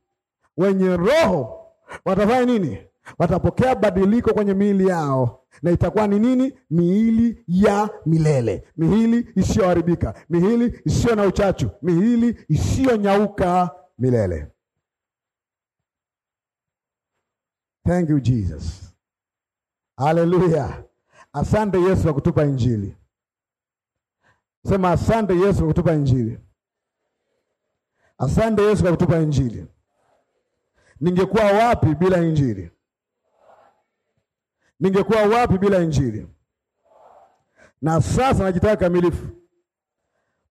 [SPEAKER 1] wenye roho watafanya nini? Watapokea badiliko kwenye miili yao, na itakuwa ni nini? Miili ya milele, miili isiyoharibika, miili isiyo na uchachu, miili isiyonyauka milele. Thank you Jesus, haleluya. Asante Yesu kwa kutupa Injili. Sema asante Yesu kwa kutupa Injili. Asante Yesu kwa kutupa Injili. Ningekuwa wapi bila Injili? Ningekuwa wapi bila Injili? Na sasa najitaka kamilifu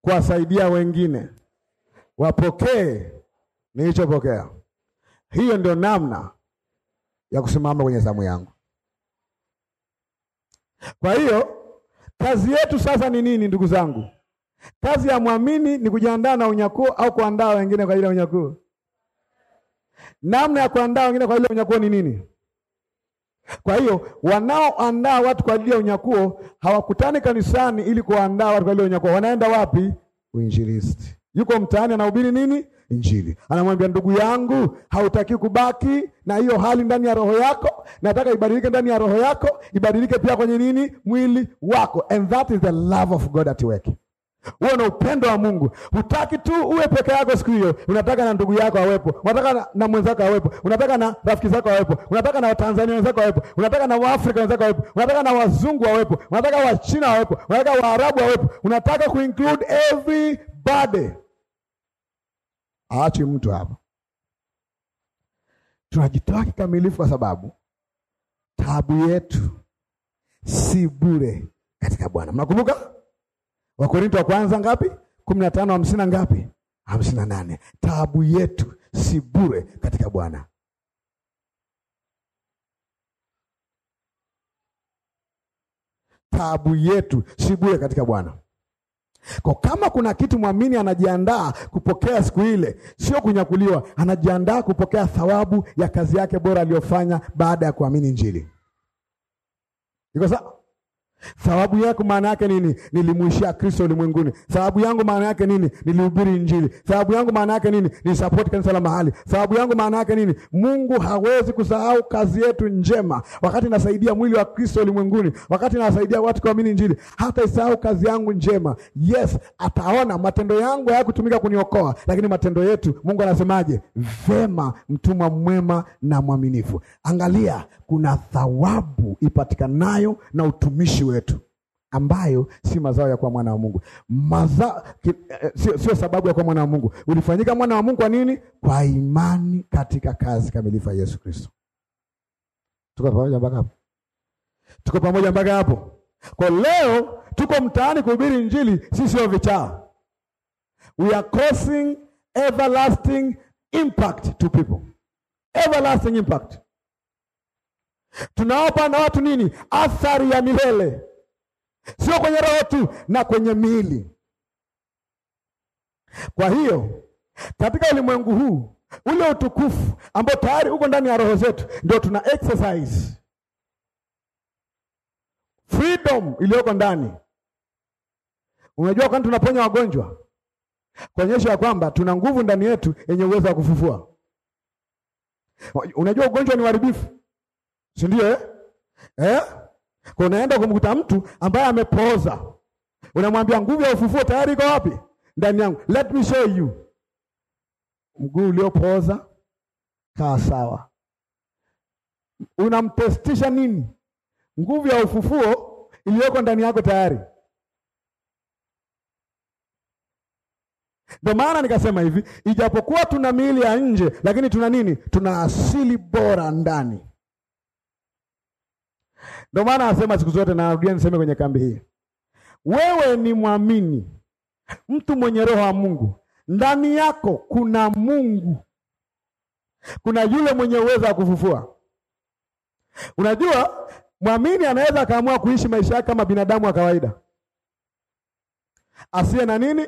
[SPEAKER 1] kuwasaidia wengine wapokee nilichopokea. Hiyo ndio namna ya kusimama kwenye zamu yangu. Kwa hiyo kazi yetu sasa ni nini, ndugu zangu? Kazi ya mwamini ni kujiandaa na unyakuo au kuandaa wengine kwa ajili ya unyakuo namna ya kuandaa wengine kwa ajili ya unyakuo ni nini? Kwa hiyo wanaoandaa watu kwa ajili ya unyakuo hawakutani kanisani ili kuandaa watu kwa ajili ya unyakuo, wanaenda wapi? Uinjilisti yuko mtaani anahubiri nini? Injili. Anamwambia ndugu yangu, hautaki kubaki na hiyo hali ndani ya roho yako, nataka ibadilike ndani ya roho yako, ibadilike pia kwenye nini? Mwili wako. And that is the love of God at work. Huo na upendo wa Mungu. Hutaki tu uwe peke yako siku hiyo, unataka na ndugu yako awepo, unataka na, mwenzako awepo, unataka na rafiki zako awepo, unataka na Watanzania wenzako awepo, unataka na Waafrika wenzako awepo, unataka na Wazungu awepo, unataka Wachina awepo, unataka Waarabu awepo unataka kuinclude everybody. Aachi mtu hapo. Tunajitoa kikamilifu kwa sababu taabu yetu si bure katika Bwana. Mnakumbuka? Wakorintho wa kwanza ngapi? kumi na tano hamsini na ngapi? hamsini na nane. Taabu yetu si bure katika Bwana. Taabu yetu si bure katika Bwana. Kwa kama kuna kitu mwamini anajiandaa kupokea siku ile, sio kunyakuliwa, anajiandaa kupokea thawabu ya kazi yake bora aliyofanya baada ya kuamini Injili. Iko sawa? sababu yako maana yake nini? Nilimwishia Kristo ulimwenguni. sababu yangu maana yake nini? Nilihubiri Injili. sababu yangu maana yake nini? support kanisa la mahali. Sababu yangu maana yake nini? Mungu hawezi kusahau kazi yetu njema, wakati nasaidia mwili wa Kristo ulimwenguni, wakati nasaidia watu kuamini Injili, hata isahau kazi yangu njema. Yes, ataona matendo yangu hayakutumika kuniokoa, lakini matendo yetu. Mungu anasemaje? Vema, mtumwa mwema na mwaminifu. Angalia, kuna thawabu ipatikanayo na utumishi wetu wetu ambayo si mazao ya kuwa mwana wa Mungu. Mazao eh, sio, sio sababu ya kuwa mwana wa Mungu. Ulifanyika mwana wa Mungu kwa nini? Kwa imani katika kazi kamilifu ya Yesu Kristo. Tuko pamoja mpaka hapo? Tuko pamoja mpaka hapo? Kwa leo tuko mtaani kuhubiri Injili, sisi sio vichaa. We are causing everlasting impact to people. Everlasting impact tunawapa na watu nini? Athari ya milele, sio kwenye roho tu, na kwenye miili. Kwa hiyo katika ulimwengu huu ule utukufu ambao tayari uko ndani ya roho zetu, ndio tuna exercise freedom iliyoko ndani. Unajua, kwani tunaponya wagonjwa, kuonyesha ya kwamba tuna nguvu ndani yetu yenye uwezo wa kufufua. Unajua, ugonjwa ni uharibifu si ndio eh? Eh? Kwa unaenda kumkuta mtu ambaye amepooza, unamwambia nguvu ya ufufuo tayari iko wapi? Ndani yangu, let me show you. Mguu uliopooza kaa sawa. Unamtestisha nini? Nguvu ya ufufuo iliyoko ndani yako tayari. Ndio maana nikasema hivi, ijapokuwa tuna miili ya nje, lakini tuna nini? Tuna asili bora ndani. Ndio maana anasema siku zote, narudia niseme kwenye kambi hii, wewe ni mwamini, mtu mwenye roho wa Mungu ndani yako, kuna Mungu, kuna yule mwenye uwezo wa kufufua. Unajua, mwamini anaweza akaamua kuishi maisha yake kama binadamu wa kawaida asiye na nini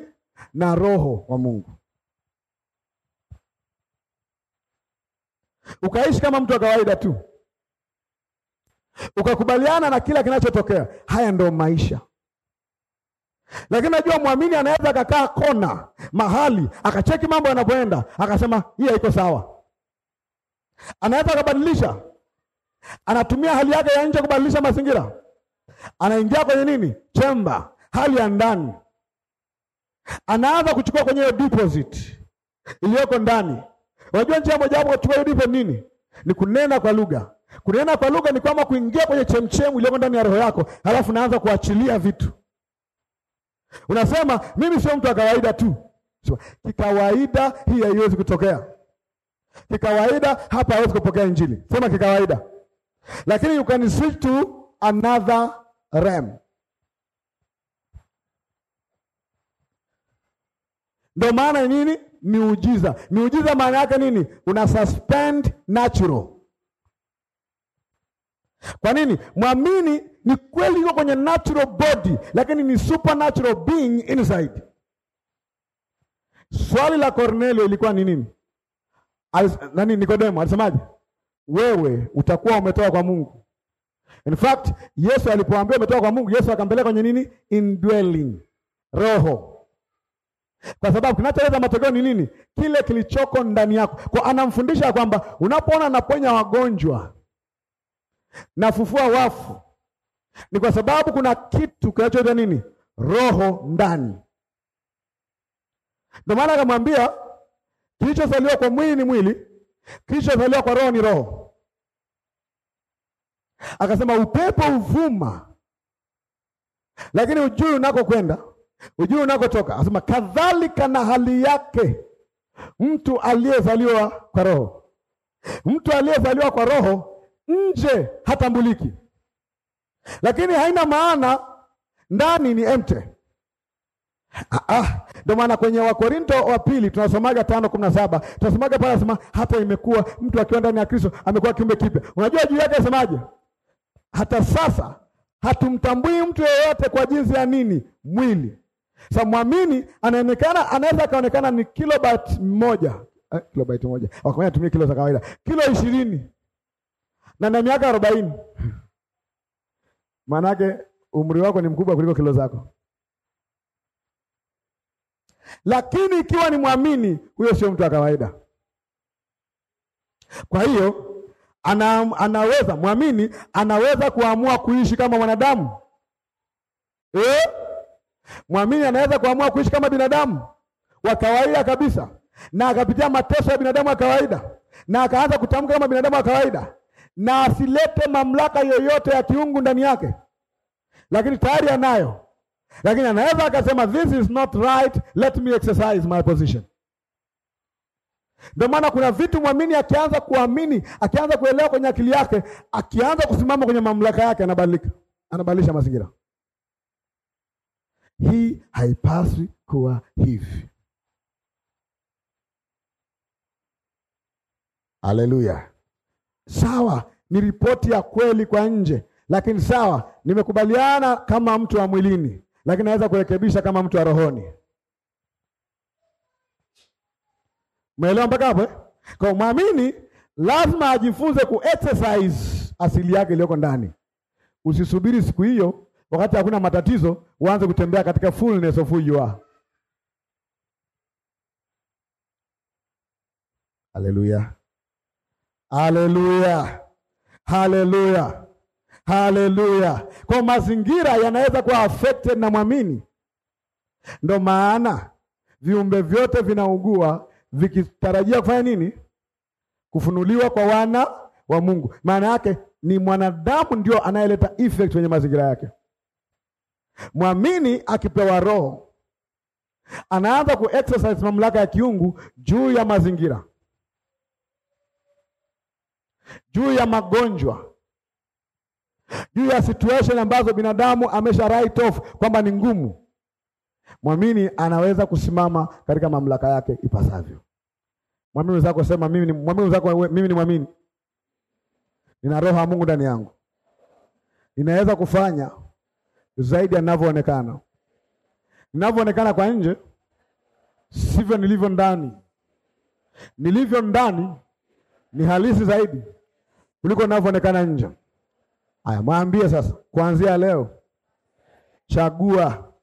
[SPEAKER 1] na roho wa Mungu, ukaishi kama mtu wa kawaida tu ukakubaliana na kila kinachotokea. Haya ndo maisha. Lakini najua mwamini anaweza akakaa kona mahali akacheki mambo yanapoenda, akasema hii haiko sawa. Anaweza akabadilisha, anatumia hali yake ya nje kubadilisha mazingira, anaingia kwenye nini, chemba, hali ya ndani, anaanza kuchukua kwenye hiyo deposit iliyoko ndani. Unajua njia mojawapo kuchukua hiyo deposit nini? Ni kunena kwa lugha. Kunena kwa lugha ni kama kuingia kwenye chemchemu iliyoko ndani ya roho yako, halafu naanza kuachilia vitu. Unasema mimi sio mtu wa kawaida tu. Kikawaida hii haiwezi kutokea. Kikawaida hapa hawezi kupokea Injili. Sema kikawaida, lakini you can switch to another realm. Ndio maana nini miujiza? Miujiza maana yake nini? Una suspend natural kwa nini? Mwamini ni kweli yuko kwenye natural body, lakini ni supernatural being inside. Swali la cornelio ilikuwa ni nini? Alis, nani Nikodemo alisemaje? Wewe utakuwa umetoka kwa Mungu. In fact, Yesu alipoambia umetoka kwa Mungu, Yesu akampeleka kwenye nini? Indwelling. Roho. Kwa sababu kinacholeta matokeo ni nini? Kile kilichoko ndani yako. Kwa anamfundisha kwamba unapoona anaponya wagonjwa nafufua wafu, ni kwa sababu kuna kitu kinachoitwa nini? Roho ndani. Ndio maana akamwambia kilichozaliwa kwa mwili ni mwili, kilichozaliwa kwa roho ni roho. Akasema upepo uvuma, lakini ujui unakokwenda, ujui unakotoka. Asema kadhalika na hali yake mtu aliyezaliwa kwa roho, mtu aliyezaliwa kwa roho nje hatambuliki, lakini haina maana ndani ni empty. Ah, ah. Ndio maana kwenye Wakorinto wa pili tunasomaga 5:17 tunasomaga pale, anasema hata imekuwa mtu akiwa ndani ya Kristo amekuwa kiumbe kipya. Unajua juu yake asemaje? Hata sasa hatumtambui mtu yeyote kwa jinsi ya nini? Mwili. Sasa mwamini anaonekana, anaweza kaonekana ni kilobat moja, eh, kilobat moja wakamwambia tumie kilo za kawaida, kilo ishirini na na miaka arobaini Manake umri wako ni mkubwa kuliko kilo zako, lakini ikiwa ni mwamini, huyo sio mtu wa kawaida. Kwa hiyo ana, anaweza mwamini anaweza kuamua kuishi kama mwanadamu eh? Mwamini anaweza kuamua kuishi kama binadamu wa kawaida kabisa, na akapitia mateso ya binadamu wa kawaida, na akaanza kutamka kama binadamu wa kawaida na asilete mamlaka yoyote ya kiungu ndani yake, lakini tayari anayo. Lakini anaweza akasema this is not right, let me exercise my position. Ndio maana kuna vitu mwamini akianza kuamini, akianza kuelewa kwenye akili yake, akianza kusimama kwenye mamlaka yake, anabadilika, anabadilisha mazingira. Hii haipaswi kuwa hivi. Haleluya. Sawa, ni ripoti ya kweli kwa nje, lakini sawa, nimekubaliana kama mtu wa mwilini, lakini naweza kurekebisha kama mtu wa rohoni. Umeelewa mpaka hapo? Eh? Kwa mwamini lazima ajifunze ku exercise asili yake iliyoko ndani. Usisubiri siku hiyo wakati hakuna matatizo uanze kutembea katika fullness of who you are. Hallelujah. Haleluya, haleluya, haleluya. Kwa mazingira yanaweza kuwa affected na mwamini, ndo maana viumbe vyote vinaugua vikitarajia kufanya nini? Kufunuliwa kwa wana wa Mungu. Maana yake ni mwanadamu ndio anayeleta effect kwenye mazingira yake. Mwamini akipewa roho anaanza ku exercise mamlaka ya kiungu juu ya mazingira juu ya magonjwa, juu ya situation ambazo binadamu amesha write off kwamba ni ngumu, mwamini anaweza kusimama katika mamlaka yake ipasavyo. Mwamini wenzako sema, mimi ni mwamini wenzako, mimi ni mwamini, nina roho ya Mungu ndani yangu, ninaweza kufanya zaidi ya ninavyoonekana. Ninavyoonekana kwa nje sivyo nilivyo ndani. Nilivyo ndani ni halisi zaidi kuliko ninavyoonekana nje. Aya, mwambie sasa, kuanzia leo chagua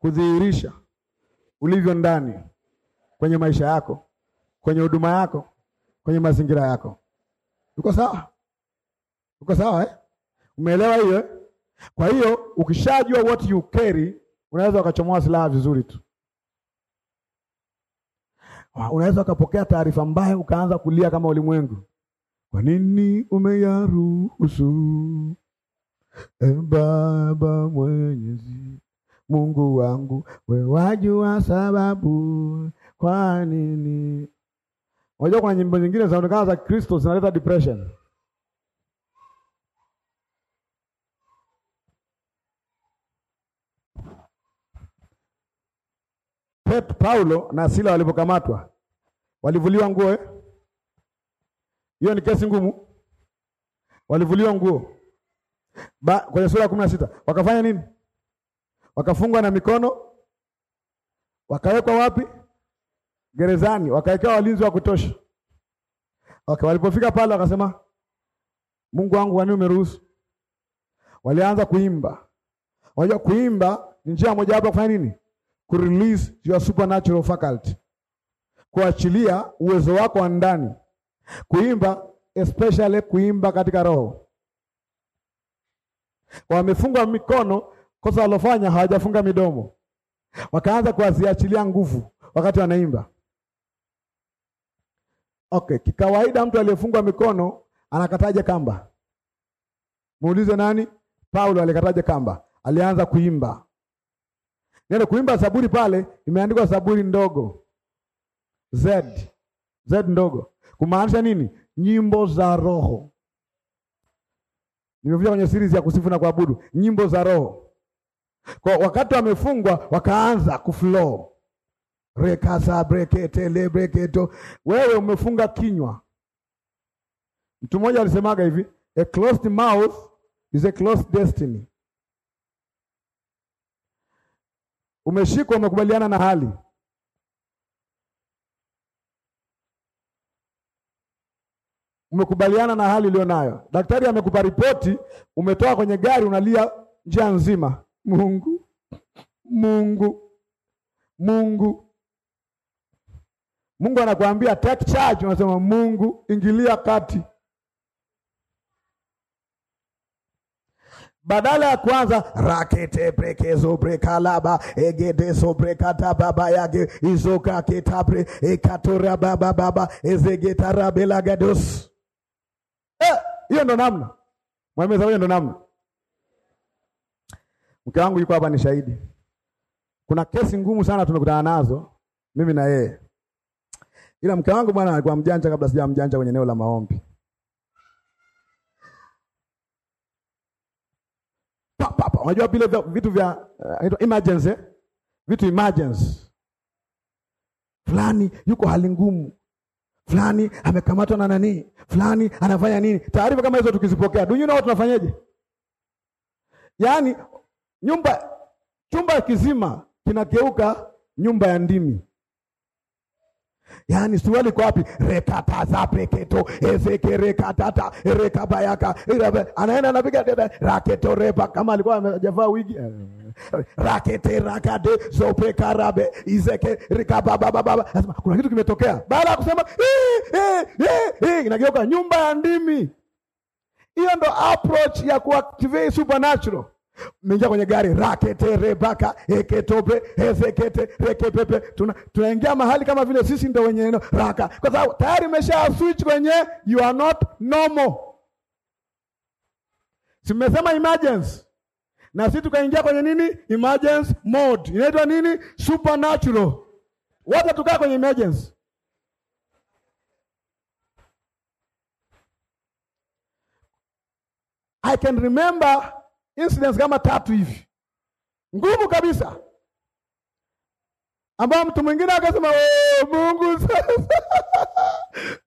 [SPEAKER 1] kudhihirisha ulivyo ndani kwenye maisha yako, kwenye huduma yako, kwenye mazingira yako. Uko sawa? Uko sawa eh? Umeelewa hiyo eh? Kwa hiyo ukishajua what you carry, unaweza ukachomoa silaha vizuri tu. Unaweza ukapokea taarifa mbaya ukaanza kulia kama ulimwengu. Kwa nini umeyaruhusu? E Baba Mwenyezi, Mungu wangu, we wa sababu kwa nini. Unajua, kuna nyimbo nyingine zinaonekana za Kristo zinaleta depression. Paulo na Sila walipokamatwa walivuliwa nguo eh? Hiyo ni kesi ngumu. Walivuliwa nguo ba, kwenye sura ya kumi na sita wakafanya nini? Wakafungwa na mikono, wakawekwa wapi? Gerezani, wakawekewa walinzi wa kutosha. Okay, walipofika pale wakasema, Mungu wangu, wani umeruhusu? Walianza kuimba. Unajua kuimba ni njia moja wapo kufanya nini? release your supernatural faculty, kuachilia uwezo wako wa ndani Kuimba especially kuimba katika roho. Wamefunga mikono, kosa walofanya hawajafunga midomo, wakaanza kuwaziachilia nguvu wakati wanaimba. Okay, kikawaida mtu aliyefungwa mikono anakataje kamba? Muulize nani? Paulo alikataje kamba? Alianza kuimba. Neno kuimba saburi pale imeandikwa Zaburi ndogo Z Z ndogo Kumaanisha nini? Nyimbo za roho. Nimekuja kwenye series ya kusifu na kuabudu, nyimbo za roho. Kwa wakati wamefungwa wakaanza kuflow. Rekasa brekete le breketo. Wewe umefunga kinywa. Mtu mmoja alisemaga hivi, a closed mouth is a closed destiny. Umeshikwa, umekubaliana na hali Umekubaliana na hali ulionayo. Daktari amekupa ripoti, umetoka kwenye gari unalia njia nzima, Mungu, Mungu, Mungu. Mungu anakuambia take charge, unasema Mungu, ingilia kati. Badala ya kwanza rakete prekezo prekalaba egedeso prekata baba yake izoka ketapre ekatora baba baba ezegetarabelagados Eh, hiyo ndo namna mwameza, hiyo ndo namna. Mke wangu yuko hapa, ni shahidi. Kuna kesi ngumu sana tumekutana nazo mimi na yeye, ila mke wangu bwana alikuwa mjanja kabla sija mjanja kwenye eneo la maombi. Unajua vile vitu vya uh, emergency, vitu emergency fulani, yuko hali ngumu fulani amekamatwa na nani, fulani anafanya nini. Taarifa kama hizo tukizipokea, do you know tunafanyaje? Yaani nyumba chumba kizima kinageuka nyumba ya ndimi. Yaani swali kwa wapi? rekata za peketo ezeke rekatata rekabayaka anaenda anapiga debe raketo reba kama alikuwa amejavaa wigi rakete rakade zope karabe izeke rikababababa. Nasema kuna kitu kimetokea, baada ya kusema inageuka nyumba ya ndimi. Hiyo ndo approach ya kuactivate supernatural. Mmeingia kwenye gari rakete rebaka eketope ezekete rekepepe, tunaingia tuna mahali kama vile sisi ndo wenye neno raka, kwa sababu tayari imesha switch kwenye you are not normal. Simesema emergency na sisi tukaingia kwenye nini, emergency mode, inaitwa nini, supernatural. Wacha tukaa kwenye emergency. I can remember incidents kama tatu hivi ngumu kabisa, ambao mtu mwingine akasema oh, Mungu sasa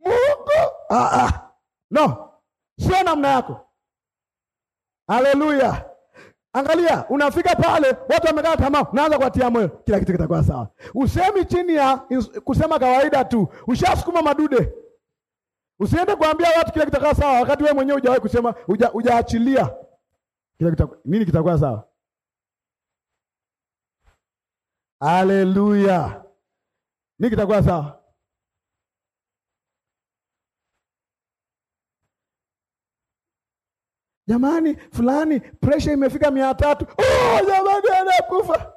[SPEAKER 1] Mungu ah, ah. No, sio namna yako. Haleluya. Angalia, unafika pale, watu wamekaa tamaa, unaanza kuwatia moyo, kila kitu kitakuwa sawa. Usemi chini ya kusema kawaida tu, ushasukuma madude. Usiende kuambia watu kila kitakuwa sawa, wakati wewe mwenyewe hujawahi kusema, hujaachilia uja kila kitakuwa nini, kitakuwa sawa. Haleluya, nini kitakuwa sawa? jamani fulani presha imefika mia tatu. Oh, jamani anakufa,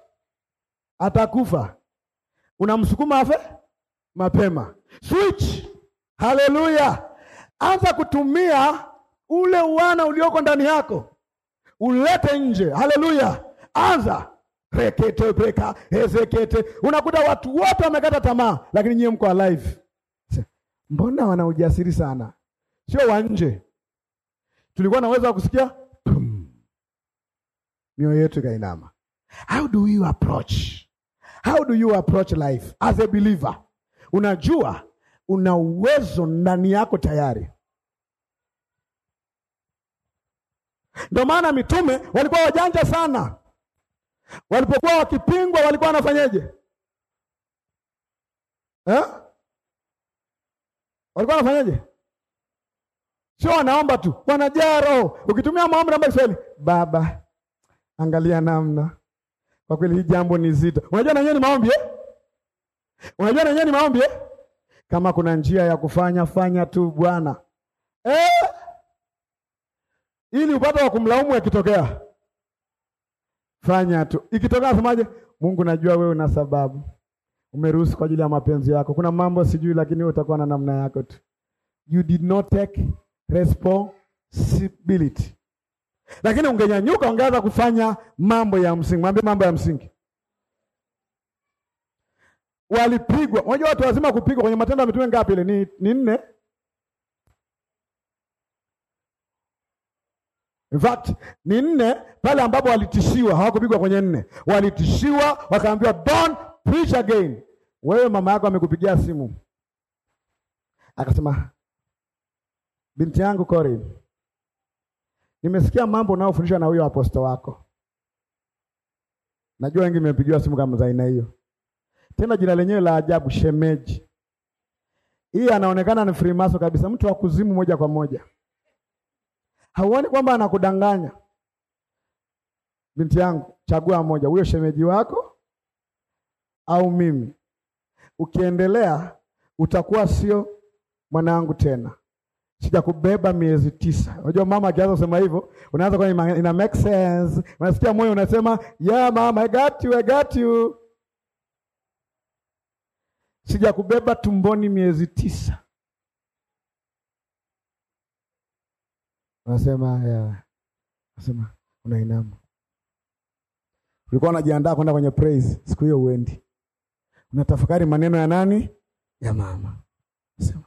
[SPEAKER 1] atakufa. Unamsukuma afe mapema. Switch, haleluya! Anza kutumia ule uana ulioko ndani yako, ulete nje. Haleluya! Anza rekete breka hezekete. Unakuta watu wote wamekata tamaa, lakini nyie mko alive. Mbona wana ujasiri sana? Sio wa nje tulikuwa na uwezo wa kusikia, mioyo yetu ikainama. How do you approach? How do you approach life as a believer? Unajua una uwezo ndani yako tayari. Ndio maana mitume walikuwa wajanja sana, walipokuwa wakipingwa walikuwa wanafanyaje? eh? walikuwa wanafanyaje? Sio wanaomba tu, wanajaa roho. Ukitumia maombi namba Kiswahili, Baba angalia namna, kwa kweli hii jambo ni zito. Unajua na ni maombi eh? Unajua na ni maombi eh? Kama kuna njia ya kufanya fanya tu Bwana eh? Ili upate wa kumlaumu akitokea, fanya tu. Ikitokea semaje? Mungu, najua wewe una sababu umeruhusu kwa ajili ya mapenzi yako. Kuna mambo sijui, lakini wewe utakuwa na namna yako tu. You did not take responsibility. Lakini ungenyanyuka ungeanza kufanya mambo ya msingi. Mwambie mambo ya msingi. Walipigwa. Unajua watu lazima kupigwa kwenye Matendo ya Mitume ngapi ile? Ni, ni nne. In fact, ni nne pale ambapo walitishiwa, hawakupigwa kwenye nne. Walitishiwa wakaambiwa don't preach again. Wewe mama yako amekupigia simu. Akasema Binti yangu Corin, nimesikia mambo unayofundishwa na huyo aposto wako. Najua wengi mmepigiwa simu kama za aina hiyo, tena jina lenyewe la ajabu, shemeji. Hii anaonekana ni frimaso kabisa, mtu wa kuzimu moja kwa moja. Hauoni kwamba anakudanganya? Binti yangu, chagua moja, huyo shemeji wako au mimi. Ukiendelea utakuwa sio mwanangu tena sijakubeba miezi tisa. Unajua mama akianza kusema hivyo, unaanza kwa ina make sense, unasikia moyo unasema yeah, mama I got you, I got you. Sijakubeba tumboni miezi tisa, unasema yeah. Unasema unainama, ulikuwa unajiandaa kwenda kwenye praise, siku hiyo uendi, unatafakari maneno ya nani? Ya mama, unasema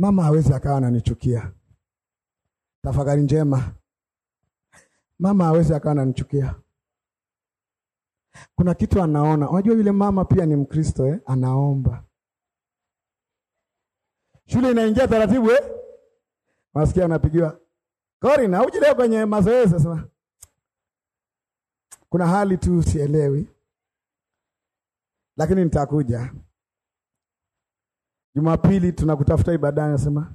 [SPEAKER 1] Mama hawezi akawa ananichukia. Tafakari njema. Mama hawezi akawa ananichukia. Kuna kitu anaona. Unajua yule mama pia ni Mkristo eh? Anaomba. Shule inaingia taratibu eh? Masikia anapigiwa. Kori na uje leo kwenye mazoezi sasa. Kuna hali tu sielewi. Lakini nitakuja. Jumapili tunakutafuta ibada, anasema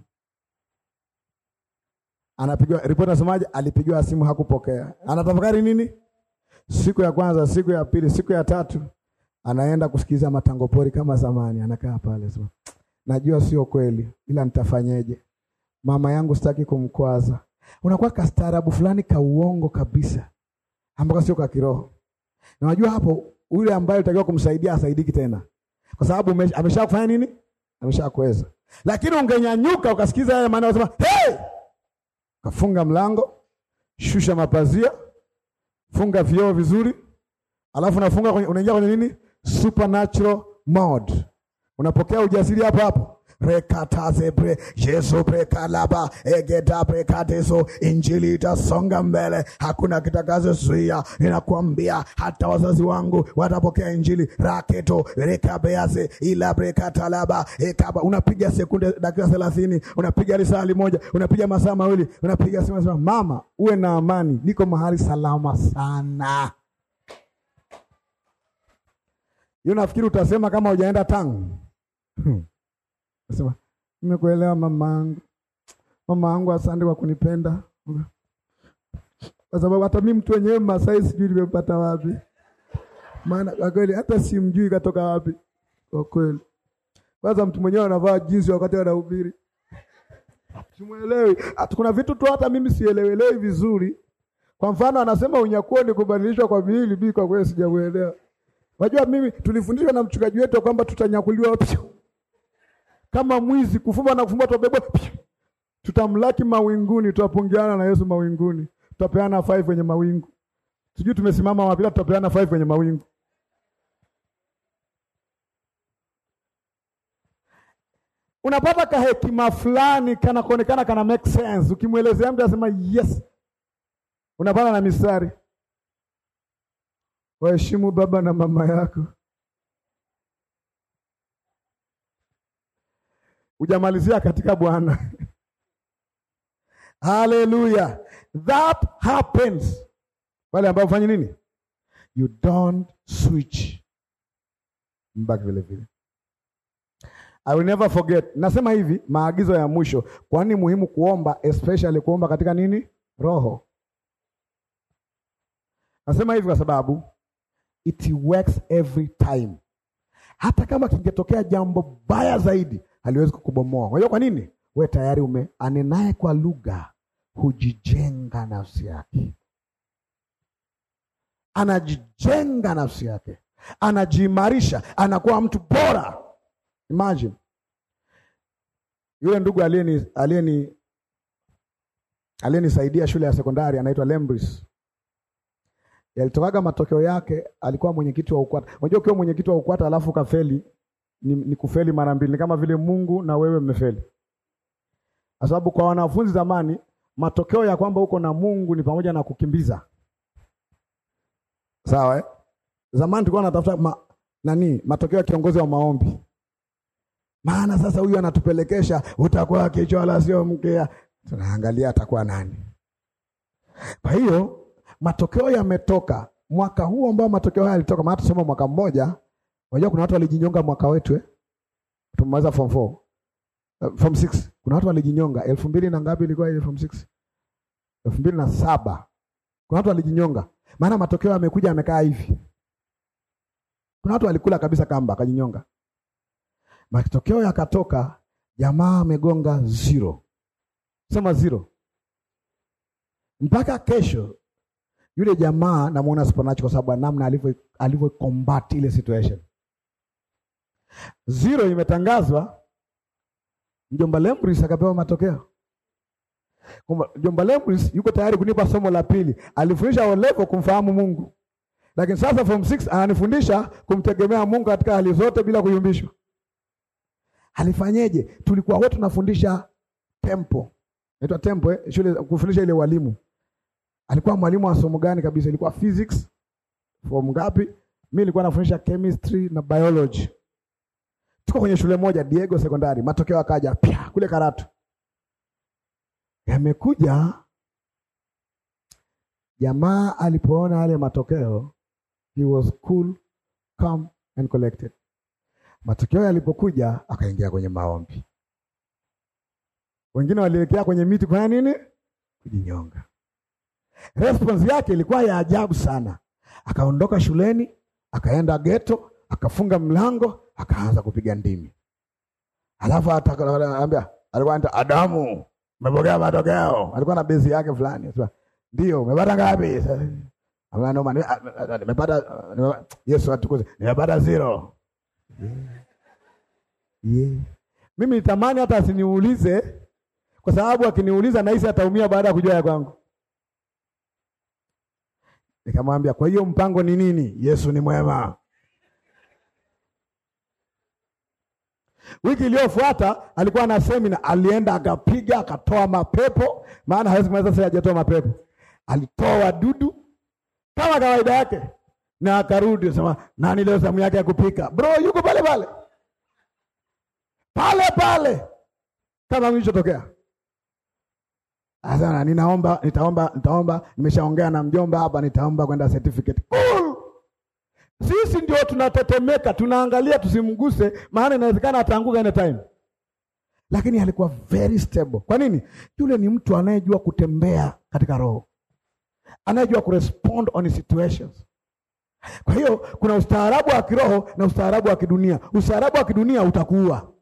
[SPEAKER 1] anapigwa ripoti, nasemaje? Alipigiwa simu hakupokea. Anatafakari nini? Siku ya kwanza, siku ya pili, siku ya tatu, anaenda kusikiza matango pori kama zamani. Anakaa pale, sema najua sio kweli, ila nitafanyeje? Mama yangu sitaki kumkwaza. Unakuwa kastaarabu fulani ka uongo kabisa, ambako sio ka kiroho, na unajua hapo, yule ambaye alitakiwa kumsaidia asaidiki tena, kwa sababu ameshakufanya nini ameshakuweza. Lakini ungenyanyuka ukasikiza yale maneno unasema, hey! Kafunga mlango, shusha mapazia, funga vioo vizuri, alafu unafunga unaingia kwenye nini? Supernatural mode. Unapokea ujasiri hapo hapo rekatazebre breka deso injili itasonga mbele, hakuna kitakazozuia. Ninakuambia hata wazazi wangu watapokea injili raketo rekabease talaba ekaba. Unapiga sekunde dakika thelathini, unapiga lisali moja, unapiga masaa mawili, unapiga sema sema, mama uwe na amani, niko mahali salama sana. Hiyo nafikiri utasema kama hujaenda tangu hmm. Nasema, nimekuelewa mama mamaangu, mamaangu, asante kwa kunipenda, kwa sababu hata mimi mtu wenyewe Masai sijui nimepata wapi, maana kwa kweli hata simjui katoka wapi kwa kweli. Kwanza mtu mwenyewe anavaa jinsi wakati anahubiri, simuelewi. Kuna vitu tu hata mimi sielewelewi vizuri. Kwa mfano anasema unyakuo ni kubadilishwa kwa miili bi, kwa kweli sijamuelewa. Wajua mimi tulifundishwa na mchungaji wetu kwamba tutanyakuliwa pia kama mwizi kufumba na kufumba, tubebwa, tutamlaki mawinguni, tutapungiana na Yesu mawinguni, tutapeana five kwenye mawingu. Sijui tumesimama wapi, tutapeana five kwenye mawingu. Unapata kahekima fulani kanakuonekana kana make sense, ukimwelezea mtu anasema yes. Unapata na misari, waheshimu baba na mama yako Hujamalizia katika Bwana. Haleluya. That happens. Wale ambao ufanye nini? You don't switch. Mbaki vile vile. I will never forget. Nasema hivi maagizo ya mwisho. Kwa nini muhimu kuomba especially kuomba katika nini? Roho. Nasema hivi kwa sababu it works every time. Hata kama kingetokea jambo baya zaidi haliwezi kukubomoa. Unajua kwa nini? We tayari ume anenaye kwa lugha hujijenga nafsi yake, anajijenga nafsi yake, anajiimarisha, anakuwa mtu bora. Imagine yule ndugu aliyeni aliyeni aliyenisaidia shule ya sekondari anaitwa Lembris. Yalitokaga matokeo yake, alikuwa mwenyekiti wa UKWATA. Unajua ukiwa mwenyekiti wa UKWATA alafu kafeli, ni, ni kufeli mara mbili, ni kama vile Mungu na wewe mmefeli, kwa sababu kwa wanafunzi zamani matokeo ya kwamba uko na Mungu ni pamoja na kukimbiza. Sawa eh? Zamani tulikuwa tunatafuta ma, nani matokeo ya kiongozi wa maombi, maana sasa huyu anatupelekesha utakuwa kichwa wala sio mkia, tunaangalia atakuwa nani. Kwa hiyo matokeo yametoka mwaka huu ambao matokeo haya yalitoka, maana tusoma mwaka mmoja Unajua kuna watu walijinyonga mwaka wetu eh? Tumemaliza form 4. Uh, eh, form 6. Kuna watu walijinyonga elfu mbili na ngapi ilikuwa ile form 6? elfu mbili na saba. Kuna watu walijinyonga. Maana matokeo yamekuja yamekaa hivi. Kuna watu walikula kabisa kamba akajinyonga. Matokeo yakatoka, jamaa amegonga zero. Sema zero. Mpaka kesho yule jamaa namuona supernatural kwa sababu namna alivyo alivyo combat ile situation zero imetangazwa, mjomba Lembris akapewa matokeo kwamba mjomba Lembris yuko tayari kunipa somo la pili. Alifundisha olevo kumfahamu Mungu, lakini sasa form 6 ananifundisha kumtegemea Mungu katika hali zote bila kuyumbishwa. Alifanyeje? Tulikuwa wote tunafundisha tempo, inaitwa tempo eh, shule kufundisha ile walimu. Alikuwa mwalimu wa somo gani kabisa? Ilikuwa physics form ngapi? Mimi nilikuwa nafundisha chemistry na biology. Tuko kwenye shule moja Diego sekondari, matokeo akaja pia kule Karatu yamekuja. Jamaa alipoona yale matokeo, he was cool, calm and collected. Matokeo yalipokuja, akaingia kwenye maombi. Wengine walielekea kwenye miti kwa nini? Kujinyonga. Response yake ilikuwa ya ajabu sana. Akaondoka shuleni, akaenda geto, akafunga mlango akaanza kupiga ndimi. Alafu atakwambia alikuwa anaita Adamu, umepokea matokeo. Alikuwa na bezi yake fulani. Sasa ndio, umepata ngapi? Hamna noma. Ah, nimepata Yesu atukuze. Nimepata zero. Yeah. Mimi nitamani hata asiniulize kwa sababu akiniuliza nahisi ataumia baada ya kujua ya kwangu. Nikamwambia, kwa hiyo mpango ni nini? Yesu ni mwema. Wiki iliyofuata alikuwa na semina, alienda akapiga, akatoa mapepo, maana hawezi kumaliza sasa, hajatoa mapepo, alitoa wadudu kama kawaida yake, na akarudi sema, nani leo zamu yake ya kupika? Bro yuko pale pale pale pale, kama mlichotokea. Asana, ninaomba, nitaomba, nitaomba, nimeshaongea na mjomba hapa, nitaomba kwenda certificate cool. Sisi ndio tunatetemeka, tunaangalia tusimguse, maana inawezekana ataanguka any time. Lakini alikuwa very stable. Kwa nini? Yule ni mtu anayejua kutembea katika roho, anayejua kurespond on situations. Kwa hiyo kuna ustaarabu wa kiroho na ustaarabu wa kidunia. Ustaarabu wa kidunia utakuua.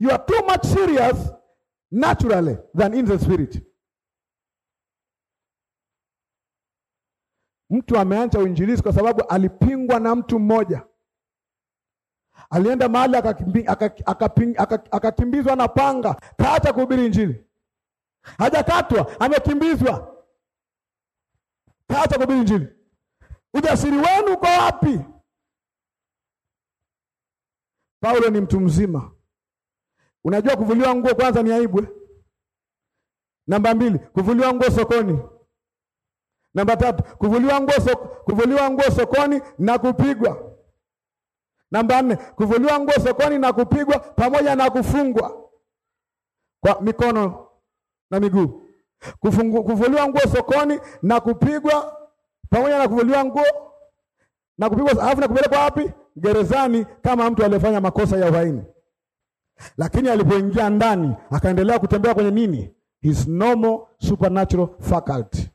[SPEAKER 1] You are too much serious naturally than in the spirit. Mtu ameanza uinjilisti kwa sababu alipingwa na mtu mmoja. Alienda mahali akakimbizwa na panga, kaacha kuhubiri Injili. Hajakatwa, amekimbizwa, kaacha kuhubiri Injili. Ujasiri wenu uko wapi? Paulo ni mtu mzima. Unajua kuvuliwa nguo kwanza ni aibu. Eh? Namba mbili, kuvuliwa nguo sokoni Namba tatu, kuvuliwa nguo so, kuvuliwa nguo sokoni na kupigwa. Namba nne, kuvuliwa nguo sokoni na kupigwa pamoja na kufungwa kwa mikono na miguu. Kufungu, kuvuliwa nguo sokoni na kupigwa pamoja na kuvuliwa nguo na kupigwa, alafu na kupelekwa wapi? Gerezani, kama mtu aliyefanya makosa ya uhaini. Lakini alipoingia ndani akaendelea kutembea kwenye nini? His normal supernatural faculty